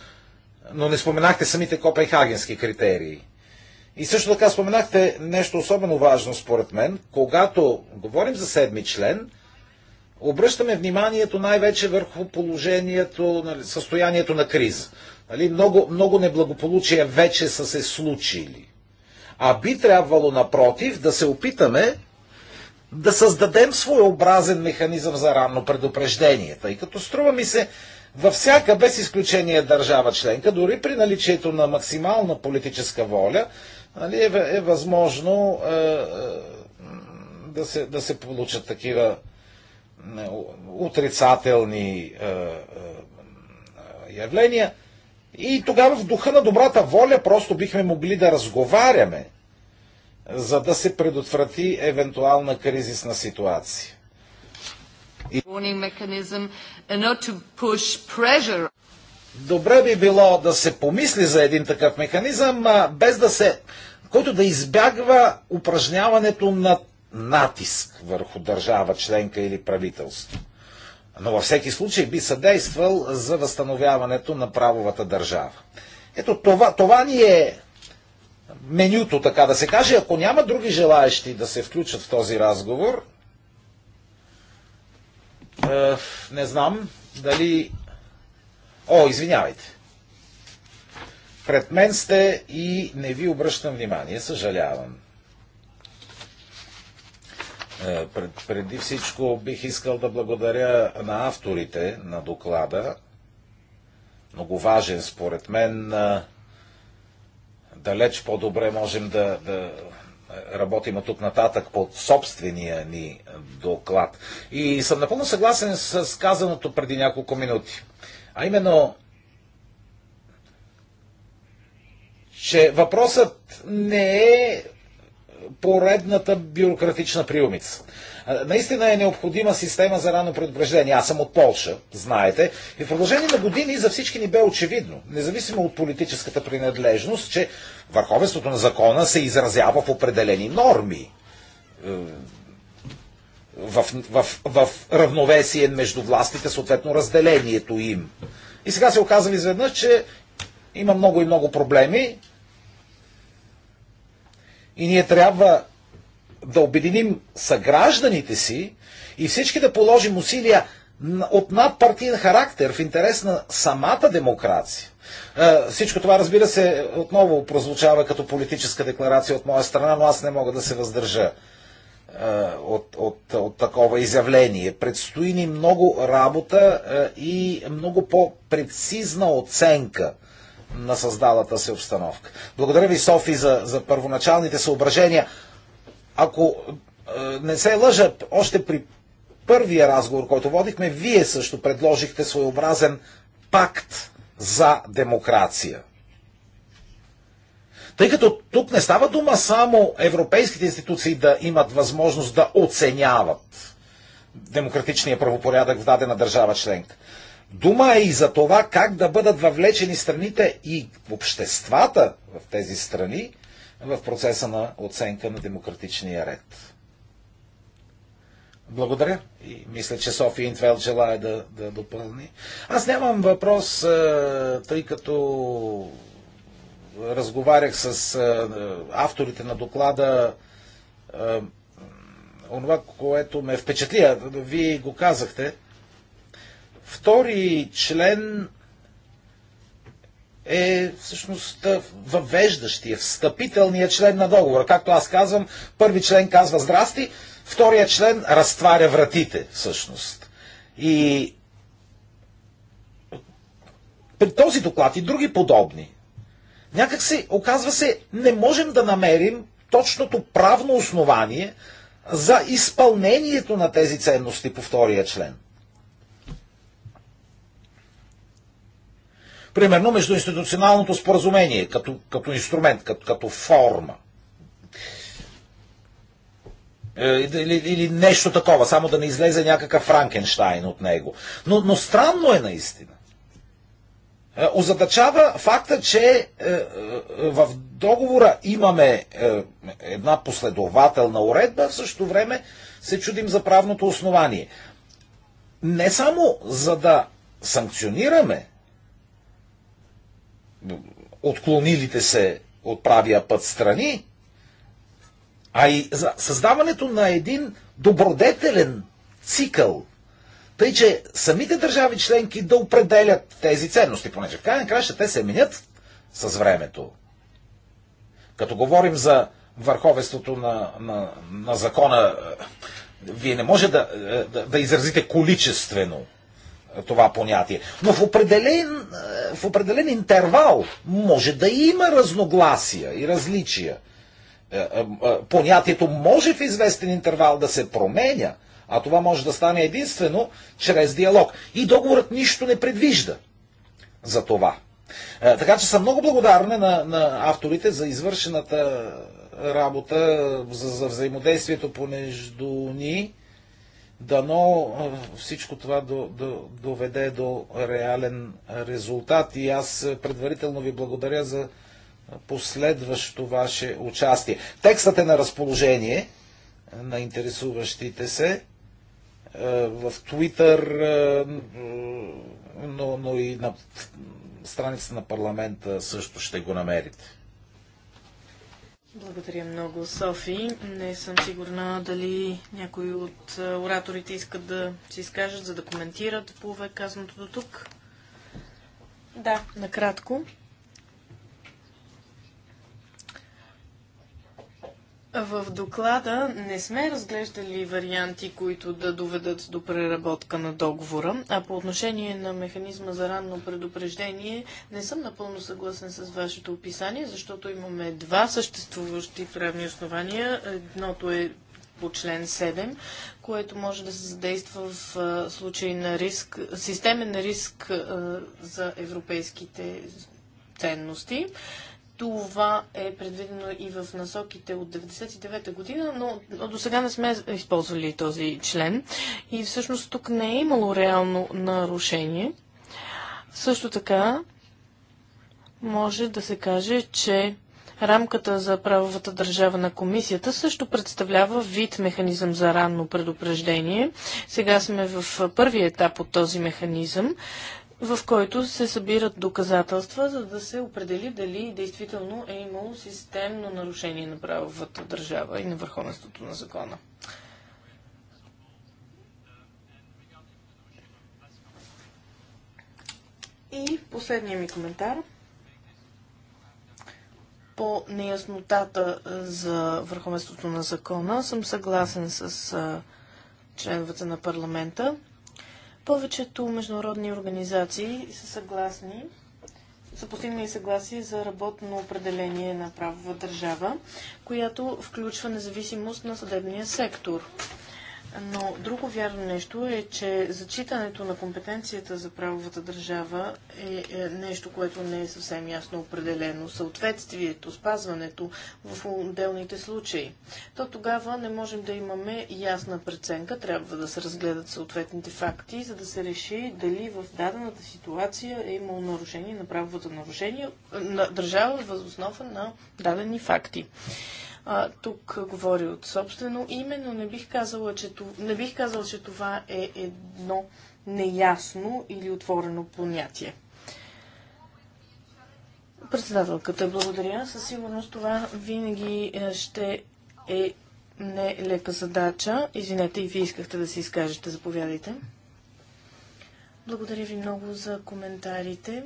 но не споменахте самите копенхагенски критерии. И също така споменахте нещо особено важно според мен. Когато говорим за седми член, обръщаме вниманието най-вече върху положението, нали, състоянието на криза. Нали, много, много неблагополучия вече са се случили. А би трябвало, напротив, да се опитаме да създадем своеобразен механизъм за ранно предупреждение, тъй като струва ми се, във всяка без изключение държава членка, дори при наличието на максимална политическа воля, нали, е, е, е възможно е, е, да, се, да се получат такива не, отрицателни е, е, явления. И тогава в духа на добрата воля просто бихме могли да разговаряме за да се предотврати евентуална кризисна ситуация. И... Добре би било да се помисли за един такъв механизъм, без да се, който да избягва упражняването на натиск върху държава, членка или правителство. Но във всеки случай би съдействал за възстановяването на правовата държава. Ето това, това ни е менюто, така да се каже. Ако няма други желаящи да се включат в този разговор, е, не знам дали... О, извинявайте. Пред мен сте и не ви обръщам внимание, съжалявам. Е, пред, преди всичко бих искал да благодаря на авторите на доклада. Много важен, според мен, е, далеч по-добре можем да, да работим от тук нататък под собствения ни доклад. И съм напълно съгласен с казаното преди няколко минути. А именно, че въпросът не е поредната бюрократична приумица. Наистина е необходима система за рано предупреждение. Аз съм от Полша, знаете. И в продължение на години за всички ни бе очевидно, независимо от политическата принадлежност, че върховенството на закона се изразява в определени норми. Е, в, в, в равновесие между властите, съответно разделението им. И сега се оказва изведнъж, че има много и много проблеми, и ние трябва да обединим съгражданите си и всички да положим усилия от надпартиен характер в интерес на самата демокрация. Е, всичко това, разбира се, отново прозвучава като политическа декларация от моя страна, но аз не мога да се въздържа е, от, от, от такова изявление. Предстои ни много работа е, и много по-прецизна оценка на създалата се обстановка. Благодаря ви, Софи, за, за първоначалните съображения. Ако е, не се лъжат, още при първия разговор, който водихме, вие също предложихте своеобразен пакт за демокрация. Тъй като тук не става дума само европейските институции да имат възможност да оценяват демократичния правопорядък в дадена държава членка. Дума е и за това как да бъдат въвлечени страните и обществата в тези страни в процеса на оценка на демократичния ред. Благодаря. И мисля, че София Интвел желая да, да допълни. Аз нямам въпрос, тъй като разговарях с авторите на доклада. Онова, което ме впечатли, вие го казахте. Втори член е всъщност въвеждащия, встъпителния член на договора. Както аз казвам, първи член казва здрасти, втория член разтваря вратите всъщност. И при този доклад и други подобни, някак се, оказва се, не можем да намерим точното правно основание за изпълнението на тези ценности по втория член – Примерно между институционалното споразумение, като, като инструмент, като, като форма. Е, или, или нещо такова, само да не излезе някакъв Франкенштайн от него. Но, но странно е наистина. Е, озадачава факта, че е, в договора имаме една последователна уредба, в същото време се чудим за правното основание. Не само за да санкционираме отклонилите се от правия път страни, а и за създаването на един добродетелен цикъл, тъй че самите държави членки да определят тези ценности, понеже в крайна краща те се менят с времето. Като говорим за върховенството на, на, на закона, е, вие не може да, е, да, да изразите количествено това понятие. Но в определен, е, в определен интервал може да има разногласия и различия. Е, е, понятието може в известен интервал да се променя, а това може да стане единствено чрез диалог. И договорът нищо не предвижда за това. Така че съм много благодарна на, на авторите за извършената работа, за, за взаимодействието понежду ни. Дано всичко това доведе до реален резултат и аз предварително ви благодаря за последващо ваше участие. Текстът е на разположение на интересуващите се в Твитър, но, но и на страница на парламента също ще го намерите. Благодаря много, Софи. Не съм сигурна дали някои от ораторите искат да се изкажат, за да коментират по казаното до тук. Да, накратко. В доклада не сме разглеждали варианти, които да доведат до преработка на договора, а по отношение на механизма за ранно предупреждение не съм напълно съгласен с вашето описание, защото имаме два съществуващи правни основания. Едното е по член 7, което може да се задейства в случай на риск, системен риск за европейските ценности. Това е предвидено и в насоките от 99-та година, но до сега не сме използвали този член. И всъщност тук не е имало реално нарушение. Също така може да се каже, че рамката за правовата държава на комисията също представлява вид механизъм за ранно предупреждение. Сега сме в първия етап от този механизъм в който се събират доказателства, за да се определи дали действително е имало системно нарушение на правовата държава и на върховенството на закона. И последния ми коментар по неяснотата за върховенството на закона съм съгласен с членовете на парламента. Повечето международни организации са съгласни, са постигнали съгласие за работно определение на правова държава, която включва независимост на съдебния сектор. Но друго вярно нещо е, че зачитането на компетенцията за правовата държава е, е нещо, което не е съвсем ясно определено. Съответствието, спазването в отделните случаи. То тогава не можем да имаме ясна преценка. Трябва да се разгледат съответните факти, за да се реши дали в дадената ситуация е имало нарушение на правовата нарушение на държава възоснова на дадени факти а, тук говори от собствено име, но не бих, казала, че това, не бих казала, че това е едно неясно или отворено понятие. Председателката, благодаря. Със сигурност това винаги е, ще е нелека задача. Извинете, и вие искахте да се изкажете. Заповядайте. Благодаря ви много за коментарите.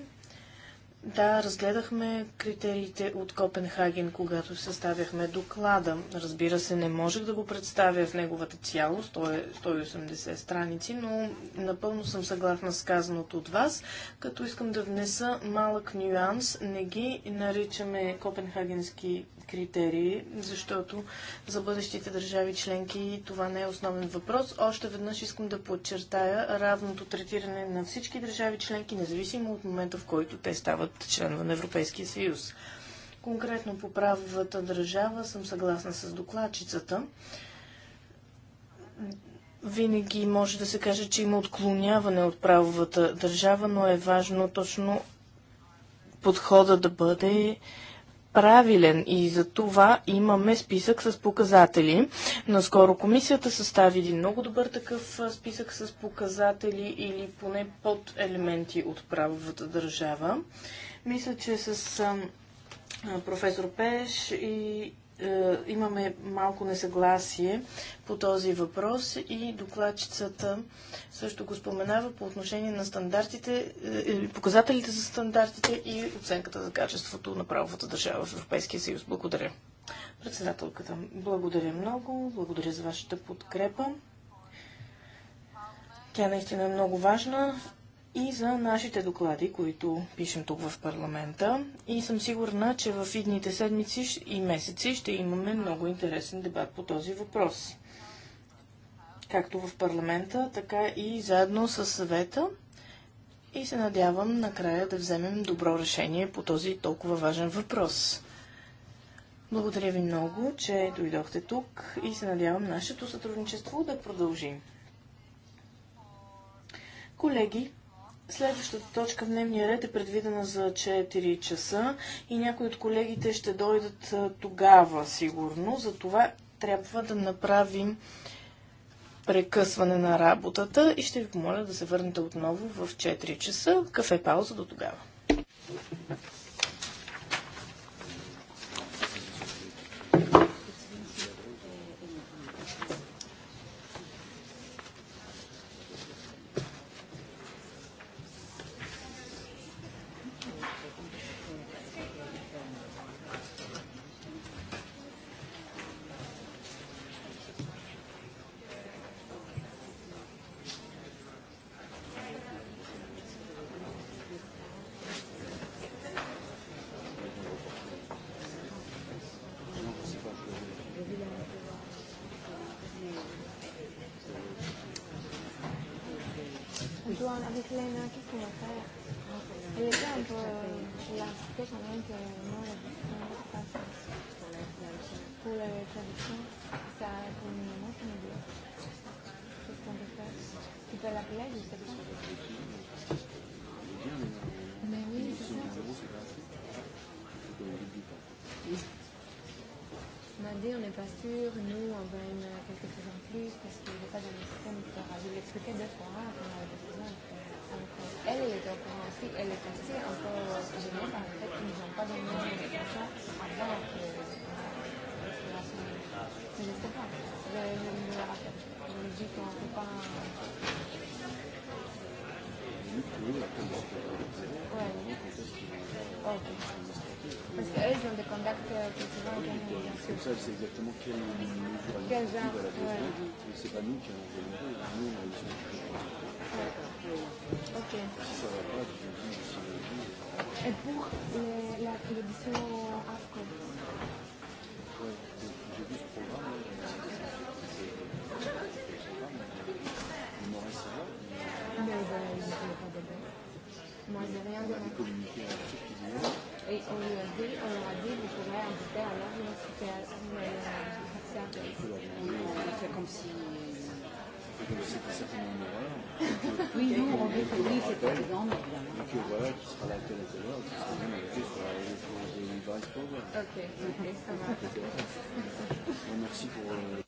Да, разгледахме критериите от Копенхаген, когато съставяхме доклада. Разбира се, не можех да го представя в неговата цялост, той е 180 страници, но напълно съм съгласна с казаното от вас, като искам да внеса малък нюанс. Не ги наричаме копенхагенски критерии, защото за бъдещите държави членки това не е основен въпрос. Още веднъж искам да подчертая равното третиране на всички държави членки, независимо от момента, в който те стават членове на Европейския съюз. Конкретно по правовата държава съм съгласна с докладчицата. Винаги може да се каже, че има отклоняване от правовата държава, но е важно точно подхода да бъде правилен и за това имаме списък с показатели. Наскоро комисията състави един много добър такъв списък с показатели или поне под елементи от правовата държава. Мисля, че с професор Пеш и е, имаме малко несъгласие по този въпрос и докладчицата също го споменава по отношение на стандартите, е, е, показателите за стандартите и оценката за качеството на правовата държава в Европейския съюз. Благодаря. Председателката, благодаря много, благодаря за вашата подкрепа. Тя наистина е много важна и за нашите доклади, които пишем тук в парламента. И съм сигурна, че в идните седмици и месеци ще имаме много интересен дебат по този въпрос. Както в парламента, така и заедно с съвета. И се надявам накрая да вземем добро решение по този толкова важен въпрос. Благодаря ви много, че дойдохте тук и се надявам нашето сътрудничество да продължи. Колеги, Следващата точка в дневния ред е предвидена за 4 часа и някои от колегите ще дойдат тогава сигурно. Затова трябва да направим прекъсване на работата и ще ви помоля да се върнете отново в 4 часа. Кафе пауза до тогава. ça, elle exactement quelle mesure administrative elle a c'est pas nous qui avons fait le nous on a eu son D'accord, ok. Si ça va pas, je vous dis, je suis Et pour l'édition fait comme si. C'était certainement une erreur. Oui, nous, on veut que oui, c'est pas évident, mais évidemment. Et voilà, qui sera là à telle heure, qui sera bien invité sur la réponse des vice-pauvres. Ok, ok, ça va. Merci pour.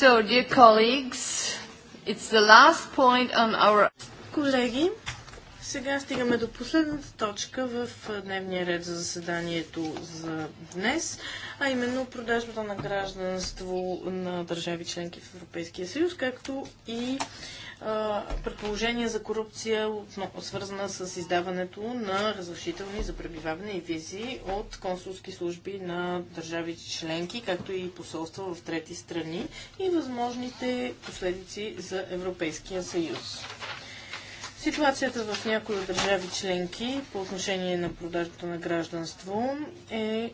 So, dear colleagues, it's the last point on our... Колеги, сега стигаме до последната точка в дневния ред за заседанието за днес, а именно продажбата на гражданство на държави членки в Европейския съюз, както и предположения за корупция, свързана с издаването на разрешителни за пребиваване и визи от консулски служби на държави членки, както и посолства в трети страни и възможните последици за Европейския съюз. Ситуацията в някои от държави членки по отношение на продажбата на гражданство е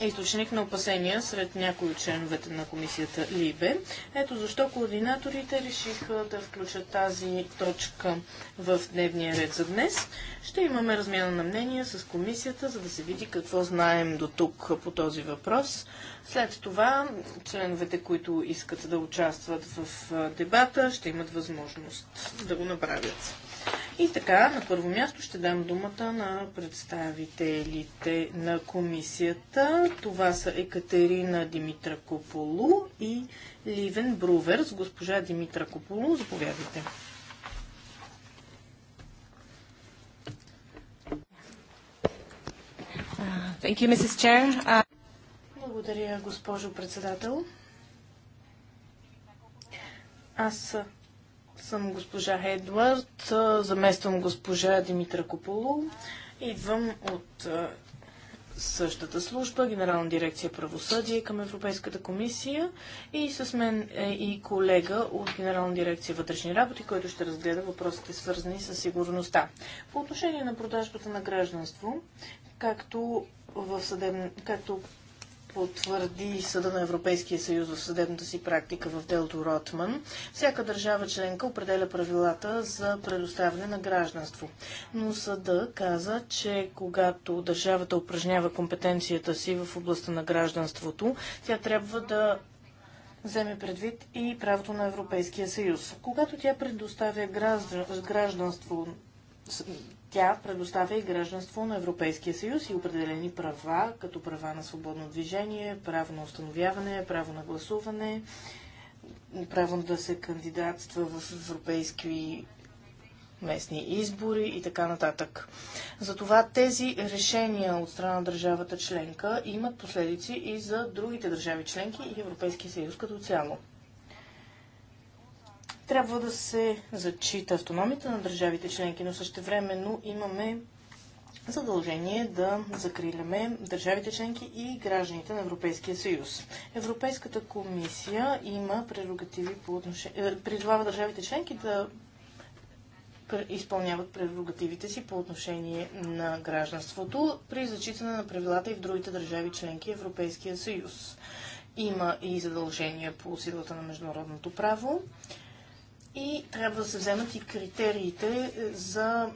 източник на опасения сред някои от членовете на комисията Либе. Ето защо координаторите решиха да включат тази точка в дневния ред за днес. Ще имаме размяна на мнения с комисията, за да се види какво знаем до тук по този въпрос. След това членовете, които искат да участват в дебата, ще имат възможност да го направят. И така, на първо място ще дам думата на представителите на комисията. Това са Екатерина Димитра Кополу и Ливен Брувер с госпожа Димитра Кополу. Заповядайте. Thank you, Mrs. Chair. Uh... Благодаря, госпожо председател. Аз съм госпожа Едвард, замествам госпожа Димитра Кополо. Идвам от същата служба, Генерална дирекция правосъдие към Европейската комисия и с мен е и колега от Генерална дирекция вътрешни работи, който ще разгледа въпросите свързани с сигурността. По отношение на продажбата на гражданство, както в съдебна, както потвърди Съда на Европейския съюз в съдебната си практика в делото Ротман, всяка държава членка определя правилата за предоставяне на гражданство. Но съда каза, че когато държавата упражнява компетенцията си в областта на гражданството, тя трябва да вземе предвид и правото на Европейския съюз. Когато тя предоставя гражданство тя предоставя и гражданство на Европейския съюз и определени права, като права на свободно движение, право на установяване, право на гласуване, право да се кандидатства в европейски местни избори и така нататък. Затова тези решения от страна на държавата членка имат последици и за другите държави членки и Европейския съюз като цяло. Трябва да се зачита автономията на държавите членки, но същевременно имаме задължение да закриляме държавите членки и гражданите на Европейския съюз. Европейската комисия има прерогативи по отношение... Призвава държавите членки да изпълняват прерогативите си по отношение на гражданството при зачитане на правилата и в другите държави членки Европейския съюз. Има и задължения по силата на международното право и трябва да се вземат и критериите е, за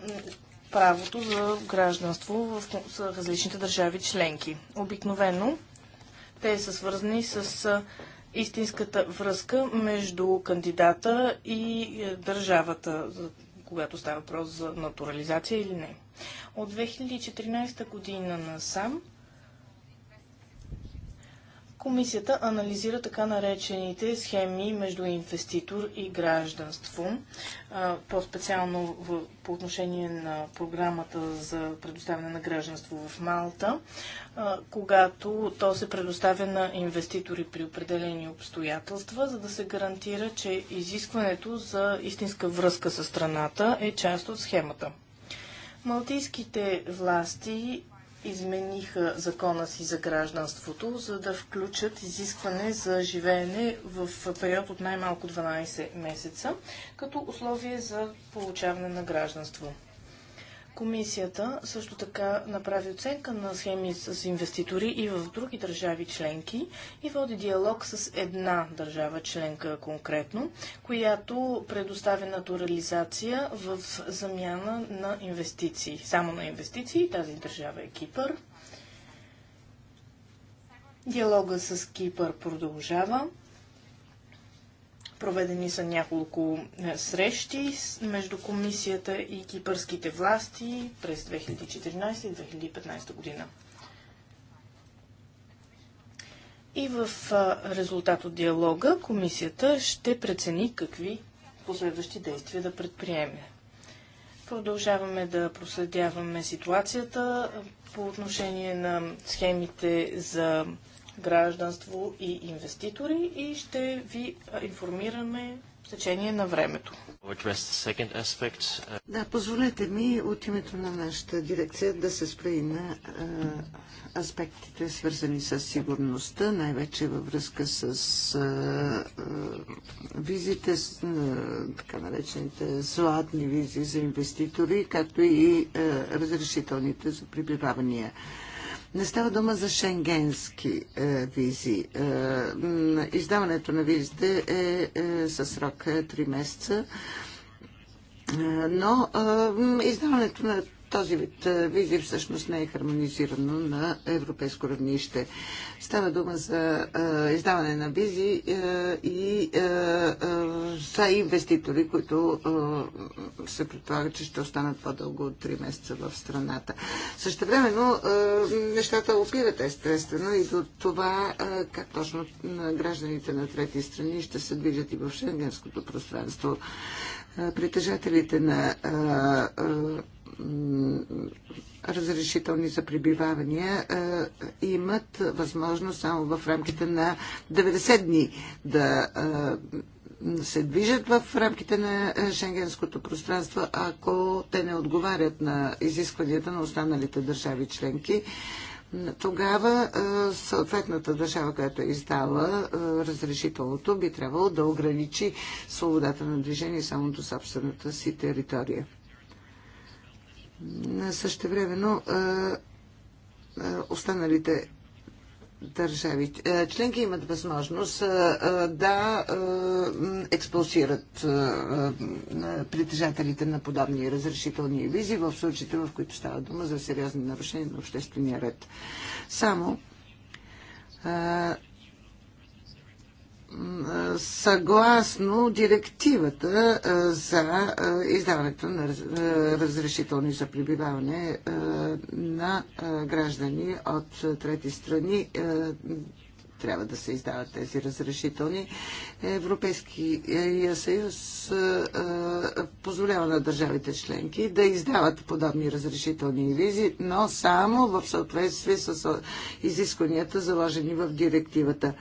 правото за гражданство в различните държави членки. Обикновено те са свързани с истинската връзка между кандидата и е, държавата, когато става въпрос за натурализация или не. От 2014 година насам Комисията анализира така наречените схеми между инвеститор и гражданство, по-специално по отношение на програмата за предоставяне на гражданство в Малта, когато то се предоставя на инвеститори при определени обстоятелства, за да се гарантира, че изискването за истинска връзка с страната е част от схемата. Малтийските власти измениха закона си за гражданството, за да включат изискване за живеене в период от най-малко 12 месеца, като условие за получаване на гражданство. Комисията също така направи оценка на схеми с инвеститори и в други държави членки и води диалог с една държава членка конкретно, която предоставя натурализация в замяна на инвестиции. Само на инвестиции тази държава е Кипър. Диалога с Кипър продължава. Проведени са няколко е, срещи между комисията и кипърските власти през 2014 и 2015 година. И в е, резултат от диалога комисията ще прецени какви последващи действия да предприеме. Продължаваме да проследяваме ситуацията е, по отношение на схемите за гражданство и инвеститори и ще ви информираме в течение на времето. Uh, да, позволете ми от името на нашата дирекция да се спре на а, аспектите, свързани с сигурността, най-вече във връзка с а, а, визите, с, а, така наречените златни визи за инвеститори, както и а, разрешителните за прибивавания. Не става дума за шенгенски е, визи. Е, издаването на визите е, е със срок 3 е, месеца. Е, но е, издаването на този вид визи всъщност не е хармонизирано на европейско равнище. Става дума за издаване на визи и за инвеститори, които се предполага, че ще останат по-дълго от 3 месеца в страната. Също времено нещата опират естествено и до това как точно гражданите на трети страни ще се движат и в шенгенското пространство. Притежателите на разрешителни за прибивавания имат възможност само в рамките на 90 дни да се движат в рамките на шенгенското пространство, ако те не отговарят на изискванията на останалите държави членки. Тогава съответната държава, която е издала разрешителното, би трябвало да ограничи свободата на движение само до собствената си територия. Също времено останалите държави членки имат възможност да експулсират притежателите на подобни разрешителни визи в случаите, в които става дума за сериозни нарушения на обществения ред. Само съгласно директивата за издаването на разрешителни за прибиваване на граждани от трети страни трябва да се издават тези разрешителни. Европейския съюз позволява на държавите членки да издават подобни разрешителни визи, но само в съответствие с изискванията, заложени в директивата.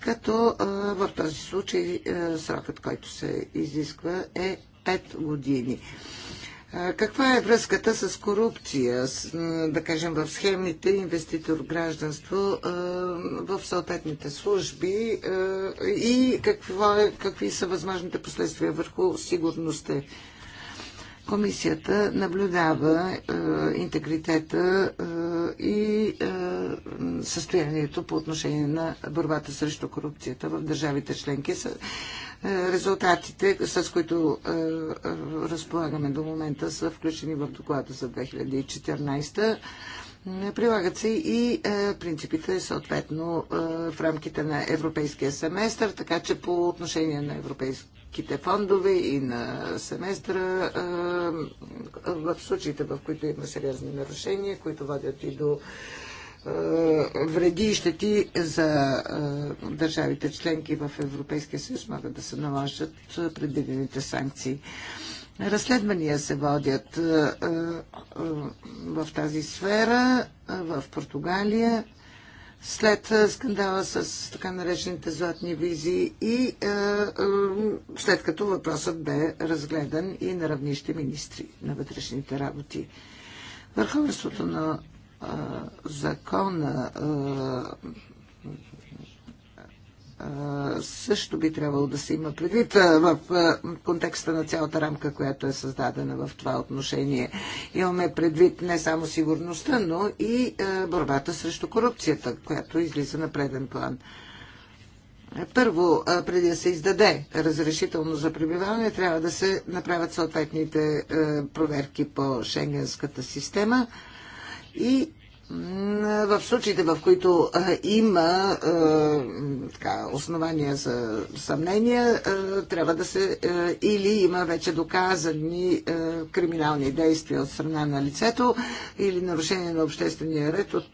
Като в този случай срокът, който се изисква е 5 години. Каква е връзката с корупция, с, да кажем, в схемите инвеститор-гражданство в съответните служби и какво, е, какви са възможните последствия върху сигурността Комисията наблюдава е, интегритета е, и е, състоянието по отношение на борбата срещу корупцията в държавите членки. е, резултатите, с които е, е, разполагаме до момента, са включени в доклада за 2014. Прилагат се и е, принципите съответно е, в рамките на европейския семестър, така че по отношение на европейските фондове и на семестъра е, в случаите, в които има сериозни нарушения, които водят и до вреди и щети за държавите членки в Европейския съюз могат да се наложат предвидените санкции. Разследвания се водят е, е, в тази сфера, е, в Португалия, след скандала с така наречените златни визи и след като въпросът бе разгледан и на равнище министри на вътрешните работи. Върховенството на закона също би трябвало да се има предвид в контекста на цялата рамка, която е създадена в това отношение. Имаме предвид не само сигурността, но и борбата срещу корупцията, която излиза на преден план. Първо, преди да се издаде разрешително за пребиваване, трябва да се направят съответните проверки по шенгенската система и в случаите, в които има така, основания за съмнения, трябва да се или има вече доказани криминални действия от страна на лицето, или нарушение на обществения ред от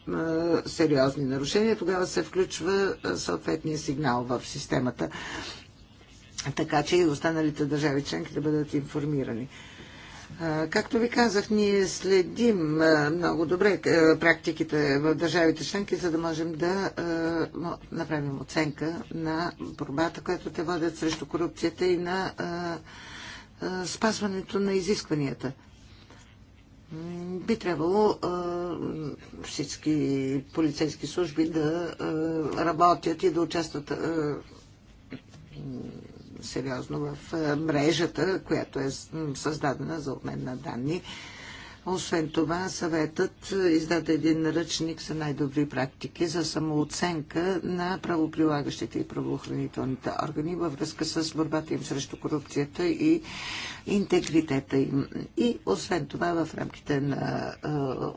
сериозни нарушения, тогава се включва съответния сигнал в системата. Така че и останалите държави членки да бъдат информирани. Както ви казах, ние следим много добре практиките в държавите членки, за да можем да направим оценка на борбата, която те водят срещу корупцията и на спазването на изискванията. Би трябвало всички полицейски служби да работят и да участват сериозно в мрежата, която е създадена за обмен на данни. Освен това, съветът издаде един наръчник за най-добри практики за самооценка на правоприлагащите и правоохранителните органи във връзка с борбата им срещу корупцията и интегритета им. И освен това, в рамките на е,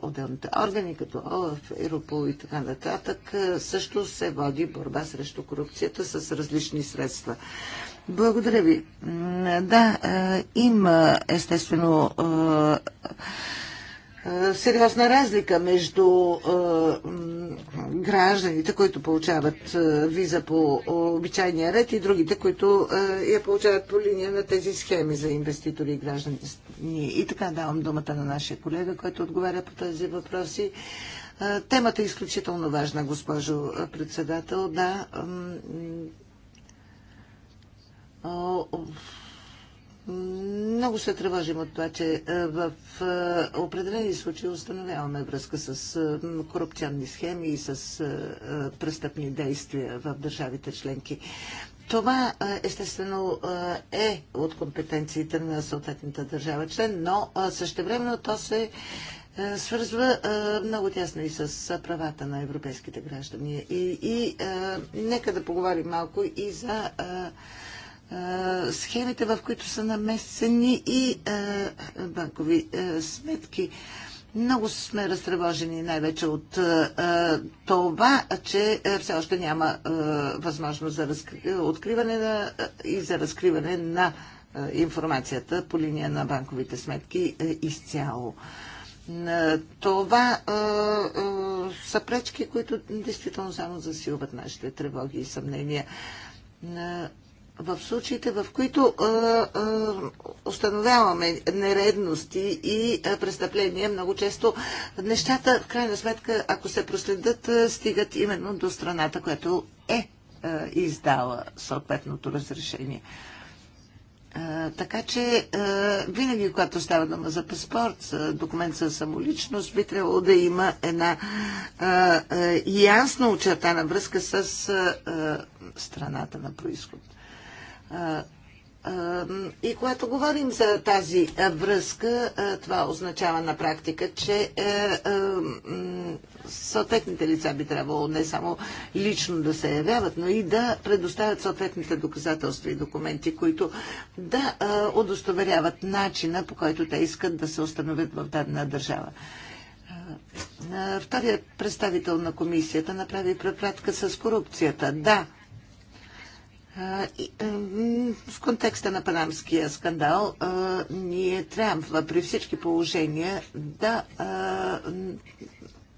отделните органи, като ОЛАФ, Европол и така нататък, също се води борба срещу корупцията с различни средства. Благодаря ви. Да, има естествено сериозна разлика между гражданите, които получават виза по обичайния ред и другите, които я получават по линия на тези схеми за инвеститори и граждани. И така давам думата на нашия колега, който отговаря по тези въпроси. Темата е изключително важна, госпожо председател. Да, много се тревожим от това, че в определени случаи установяваме връзка с корупционни схеми и с престъпни действия в държавите членки. Това естествено е от компетенциите на съответната държава член, но същевременно то се свързва много тясно и с правата на европейските граждани. И, и нека да поговорим малко и за схемите, в които са намесени и банкови сметки. Много сме разтревожени най-вече от това, че все още няма възможност за откриване на, и за разкриване на информацията по линия на банковите сметки изцяло. Това са пречки, които действително само засилват нашите тревоги и съмнения в случаите, в които а, а, установяваме нередности и а, престъпления, много често нещата, в крайна сметка, ако се проследят, а, стигат именно до страната, която е а, издала съответното разрешение. А, така че а, винаги, когато става дума за паспорт, а, документ за самоличност, би трябвало да има една а, ясно очертана връзка с страната на происход. И когато говорим за тази връзка, това означава на практика, че е, е, съответните лица би трябвало не само лично да се явяват, но и да предоставят съответните доказателства и документи, които да удостоверяват начина по който те искат да се установят в дадена държава. Вторият представител на комисията направи препратка с корупцията. Да, в контекста на панамския скандал ние трябва при всички положения да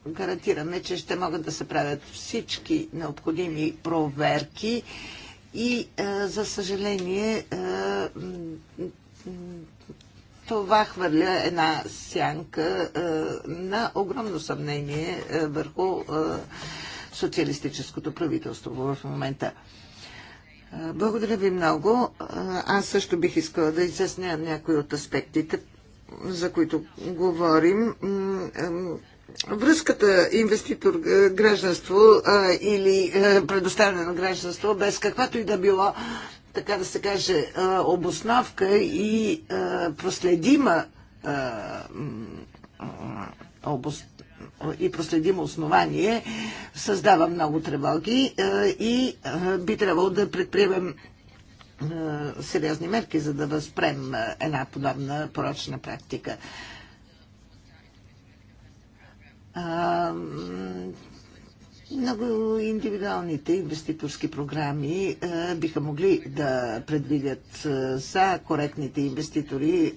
гарантираме, че ще могат да се правят всички необходими проверки и за съжаление това хвърля една сянка на огромно съмнение върху социалистическото правителство в момента. Благодаря ви много. Аз също бих искала да изясня някои от аспектите, за които говорим. Връзката инвеститор-гражданство или предоставяне на гражданство без каквато и да било, така да се каже, обосновка и проследима обосновка и проследимо основание създава много тревоги е, и е, би трябвало да предприемем е, сериозни мерки, за да възпрем една подобна порочна практика много индивидуалните инвеститорски програми е, биха могли да предвидят е, за коректните инвеститори е,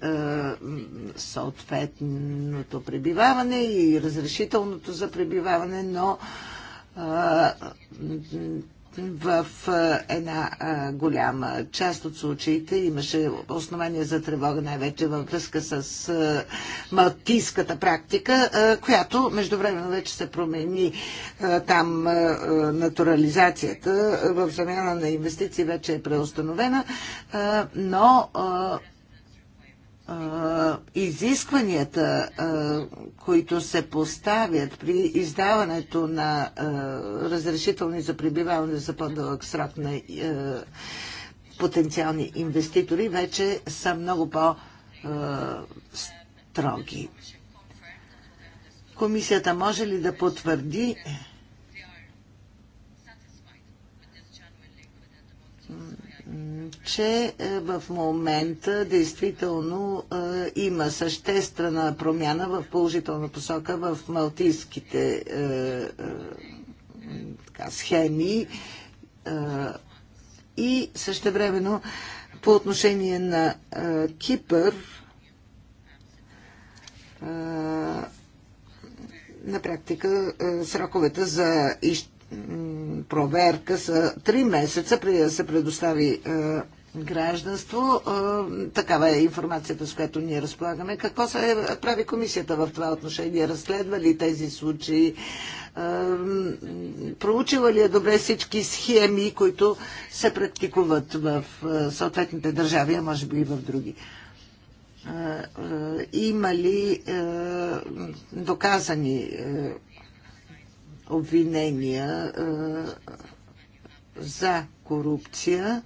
съответното пребиваване и разрешителното за пребиваване, но е, в една голяма част от случаите имаше основания за тревога, най-вече във връзка с малтийската практика, която междувременно вече се промени. Там натурализацията в замяна на инвестиции вече е преустановена, но изискванията, които се поставят при издаването на разрешителни за прибиваване за по-дълъг срок на потенциални инвеститори, вече са много по-строги. Комисията може ли да потвърди че е, в момента действително е, има съществена промяна в положителна посока в малтийските е, така, схеми и същевременно по отношение на Кипър на практика сроковете за изчезване проверка са три месеца преди да се предостави е, гражданство. Е, такава е информацията, с която ние разполагаме. Какво се прави комисията в това отношение? Разследва ли тези случаи? Е, проучила ли е добре всички схеми, които се практикуват в съответните държави, а може би и в други? Има ли доказани обвинения е, за корупция.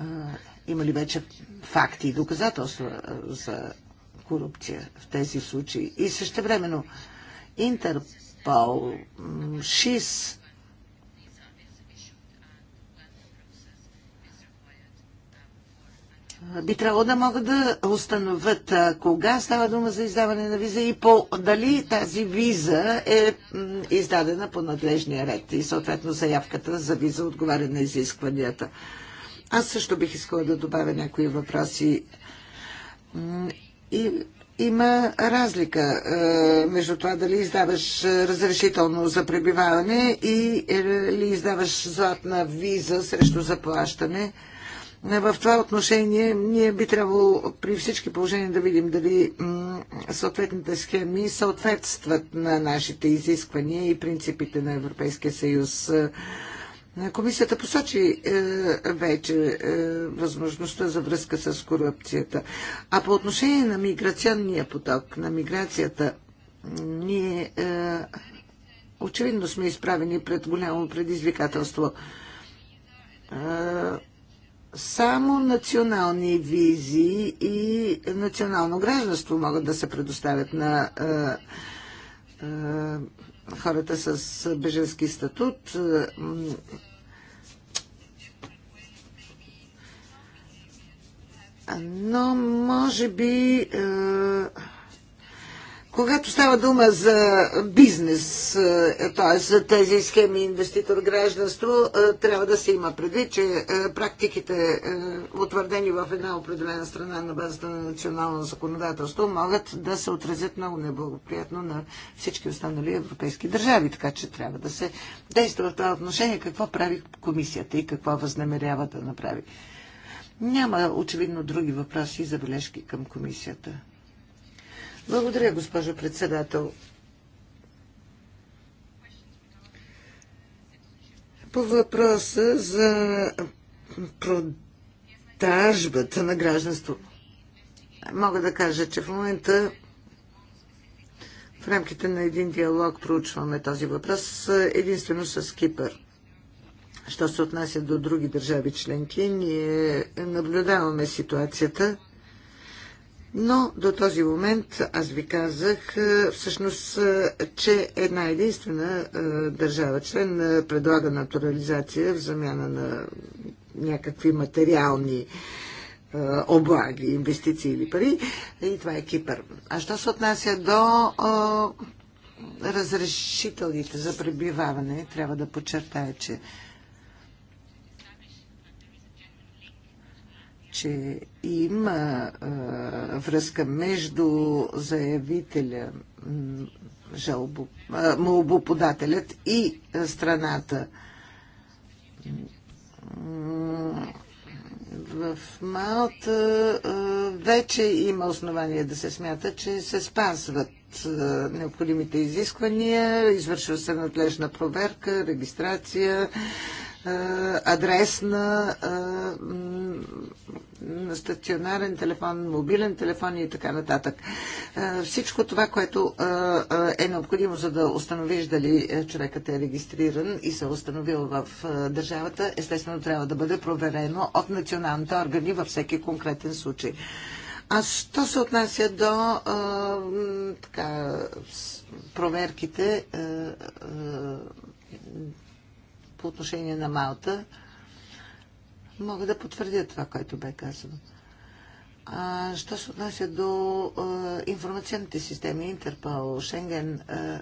Е, има ли вече факти и доказателства е, за корупция в тези случаи? И също времено Интерпол, ШИС, би трябвало да могат да установят кога става дума за издаване на виза и по, дали тази виза е издадена по надлежния ред и съответно заявката за виза отговаря на изискванията. Аз също бих искала да добавя някои въпроси. И има разлика е, между това дали издаваш разрешително за пребиваване и или е, издаваш златна виза срещу заплащане. Е, в това отношение ние би трябвало при всички положения да видим дали съответните схеми съответстват на нашите изисквания и принципите на Европейския съюз. Е, комисията посочи е, вече е, възможността за връзка с корупцията. А по отношение на миграционния поток, на миграцията, ние е, очевидно сме изправени пред голямо предизвикателство. Е, само национални визии и национално гражданство могат да се предоставят на е, е, хората с беженски статут. Е, но може би когато става дума за бизнес, е, т.е. за тези схеми инвеститор-гражданство, е, трябва да се има предвид, че е, практиките, утвърдени в една определена страна на базата на национално законодателство, могат да се отразят много неблагоприятно на всички останали европейски държави. Така че трябва да се действа в това отношение какво прави комисията и какво възнамерява да направи. Няма очевидно други въпроси и забележки към комисията. Благодаря, госпожо председател. По въпроса за продажбата на гражданство, мога да кажа, че в момента в рамките на един диалог проучваме този въпрос единствено с Кипър. Що се отнася до други държави членки, ние наблюдаваме ситуацията но до този момент аз ви казах е, всъщност, е, че една единствена е, държава член предлага натурализация в замяна на някакви материални облаги, инвестиции или пари. И това е Кипър. А що се отнася до разрешителните за пребиваване, трябва да подчертая, че че има а, връзка между заявителя, жалбо, а, молбоподателят и страната. В Малта а, вече има основание да се смята, че се спазват необходимите изисквания, извършва се надлежна проверка, регистрация адрес на стационарен телефон, мобилен телефон и така нататък. Всичко това, което е необходимо за да установиш дали човекът е регистриран и се установил в държавата, естествено трябва да бъде проверено от националните органи във всеки конкретен случай. А що се отнася до а, така, проверките, а, а, по отношение на Малта. Мога да потвърдя това, което бе казано. А, що се отнася до а, информационните системи, Интерпол, Шенген, а,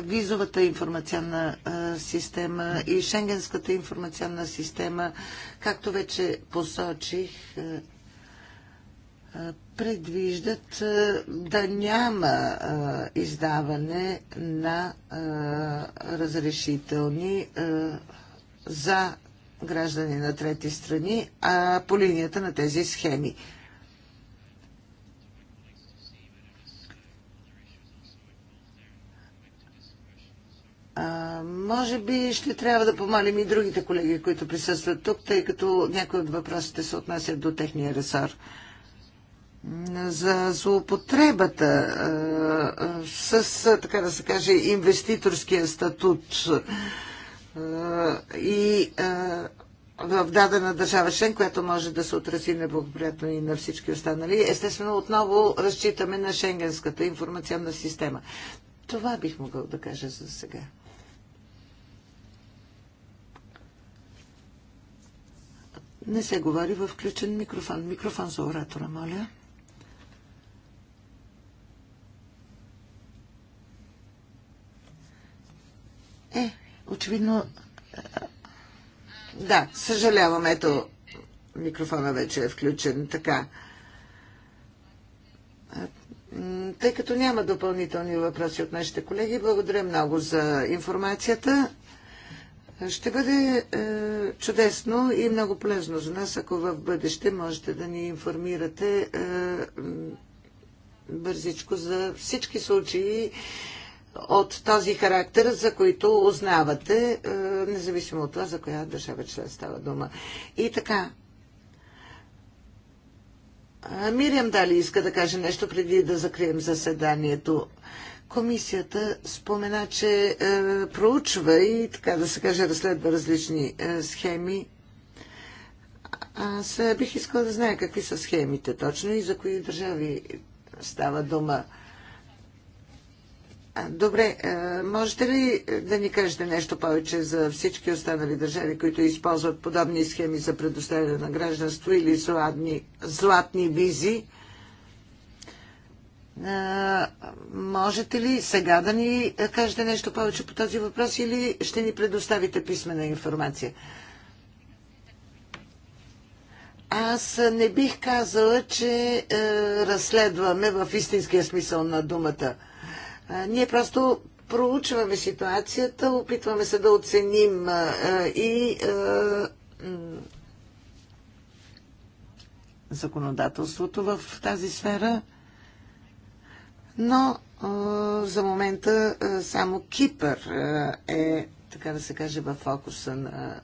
визовата информационна а, система и Шенгенската информационна система, както вече посочих, а, предвиждат да няма издаване на разрешителни за граждани на трети страни а по линията на тези схеми. може би ще трябва да помолим и другите колеги, които присъстват тук, тъй като някои от въпросите се отнасят до техния ресор за злоупотребата с, така да се каже, инвеститорския статут и в дадена държава член, която може да се отрази неблагоприятно и на всички останали. Естествено, отново разчитаме на Шенгенската информационна система. Това бих могъл да кажа за сега. Не се говори в включен микрофон. Микрофон за оратора, моля. Е, очевидно. Е, да, съжалявам, ето микрофона вече е включен. Така. Тъй като няма допълнителни въпроси от нашите колеги, благодаря много за информацията. Ще бъде е, чудесно и много полезно за нас, ако в бъдеще можете да ни информирате е, бързичко за всички случаи от този характер, за които узнавате, е, независимо от това, за коя държава член става дума. И така. Мириам Дали иска да каже нещо преди да закрием заседанието. Комисията спомена, че е, проучва и, така да се каже, разследва различни е, схеми. Аз е, бих искала да знае какви са схемите точно и за кои държави става дума. Добре, можете ли е, да ни кажете нещо повече за всички останали държави, които използват подобни схеми за предоставяне на гражданство или златни, златни визи? Можете ли сега да ни е, кажете нещо повече по този въпрос или ще ни предоставите писмена информация? Аз не бих казала, че е, разследваме в истинския смисъл на думата – ние просто проучваме ситуацията, опитваме се да оценим и законодателството в тази сфера, но за момента само Кипър е, така да се каже, в фокуса на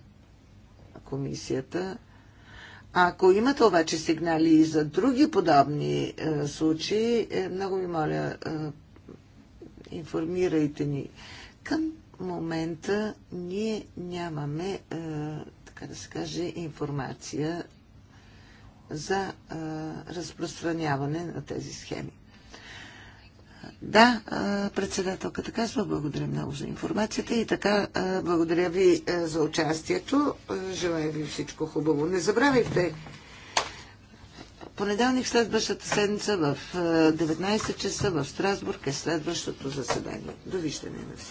комисията. Ако имате обаче сигнали и за други подобни случаи, е, много ви моля, информирайте ни. Към момента ние нямаме, е, така да се каже, информация за е, разпространяване на тези схеми. Да, е, председателката казва, благодаря много за информацията и така благодаря ви за участието. Желая ви всичко хубаво. Не забравяйте понеделник следващата седмица в 19 е, часа в Страсбург е следващото заседание. Довиждане на всички.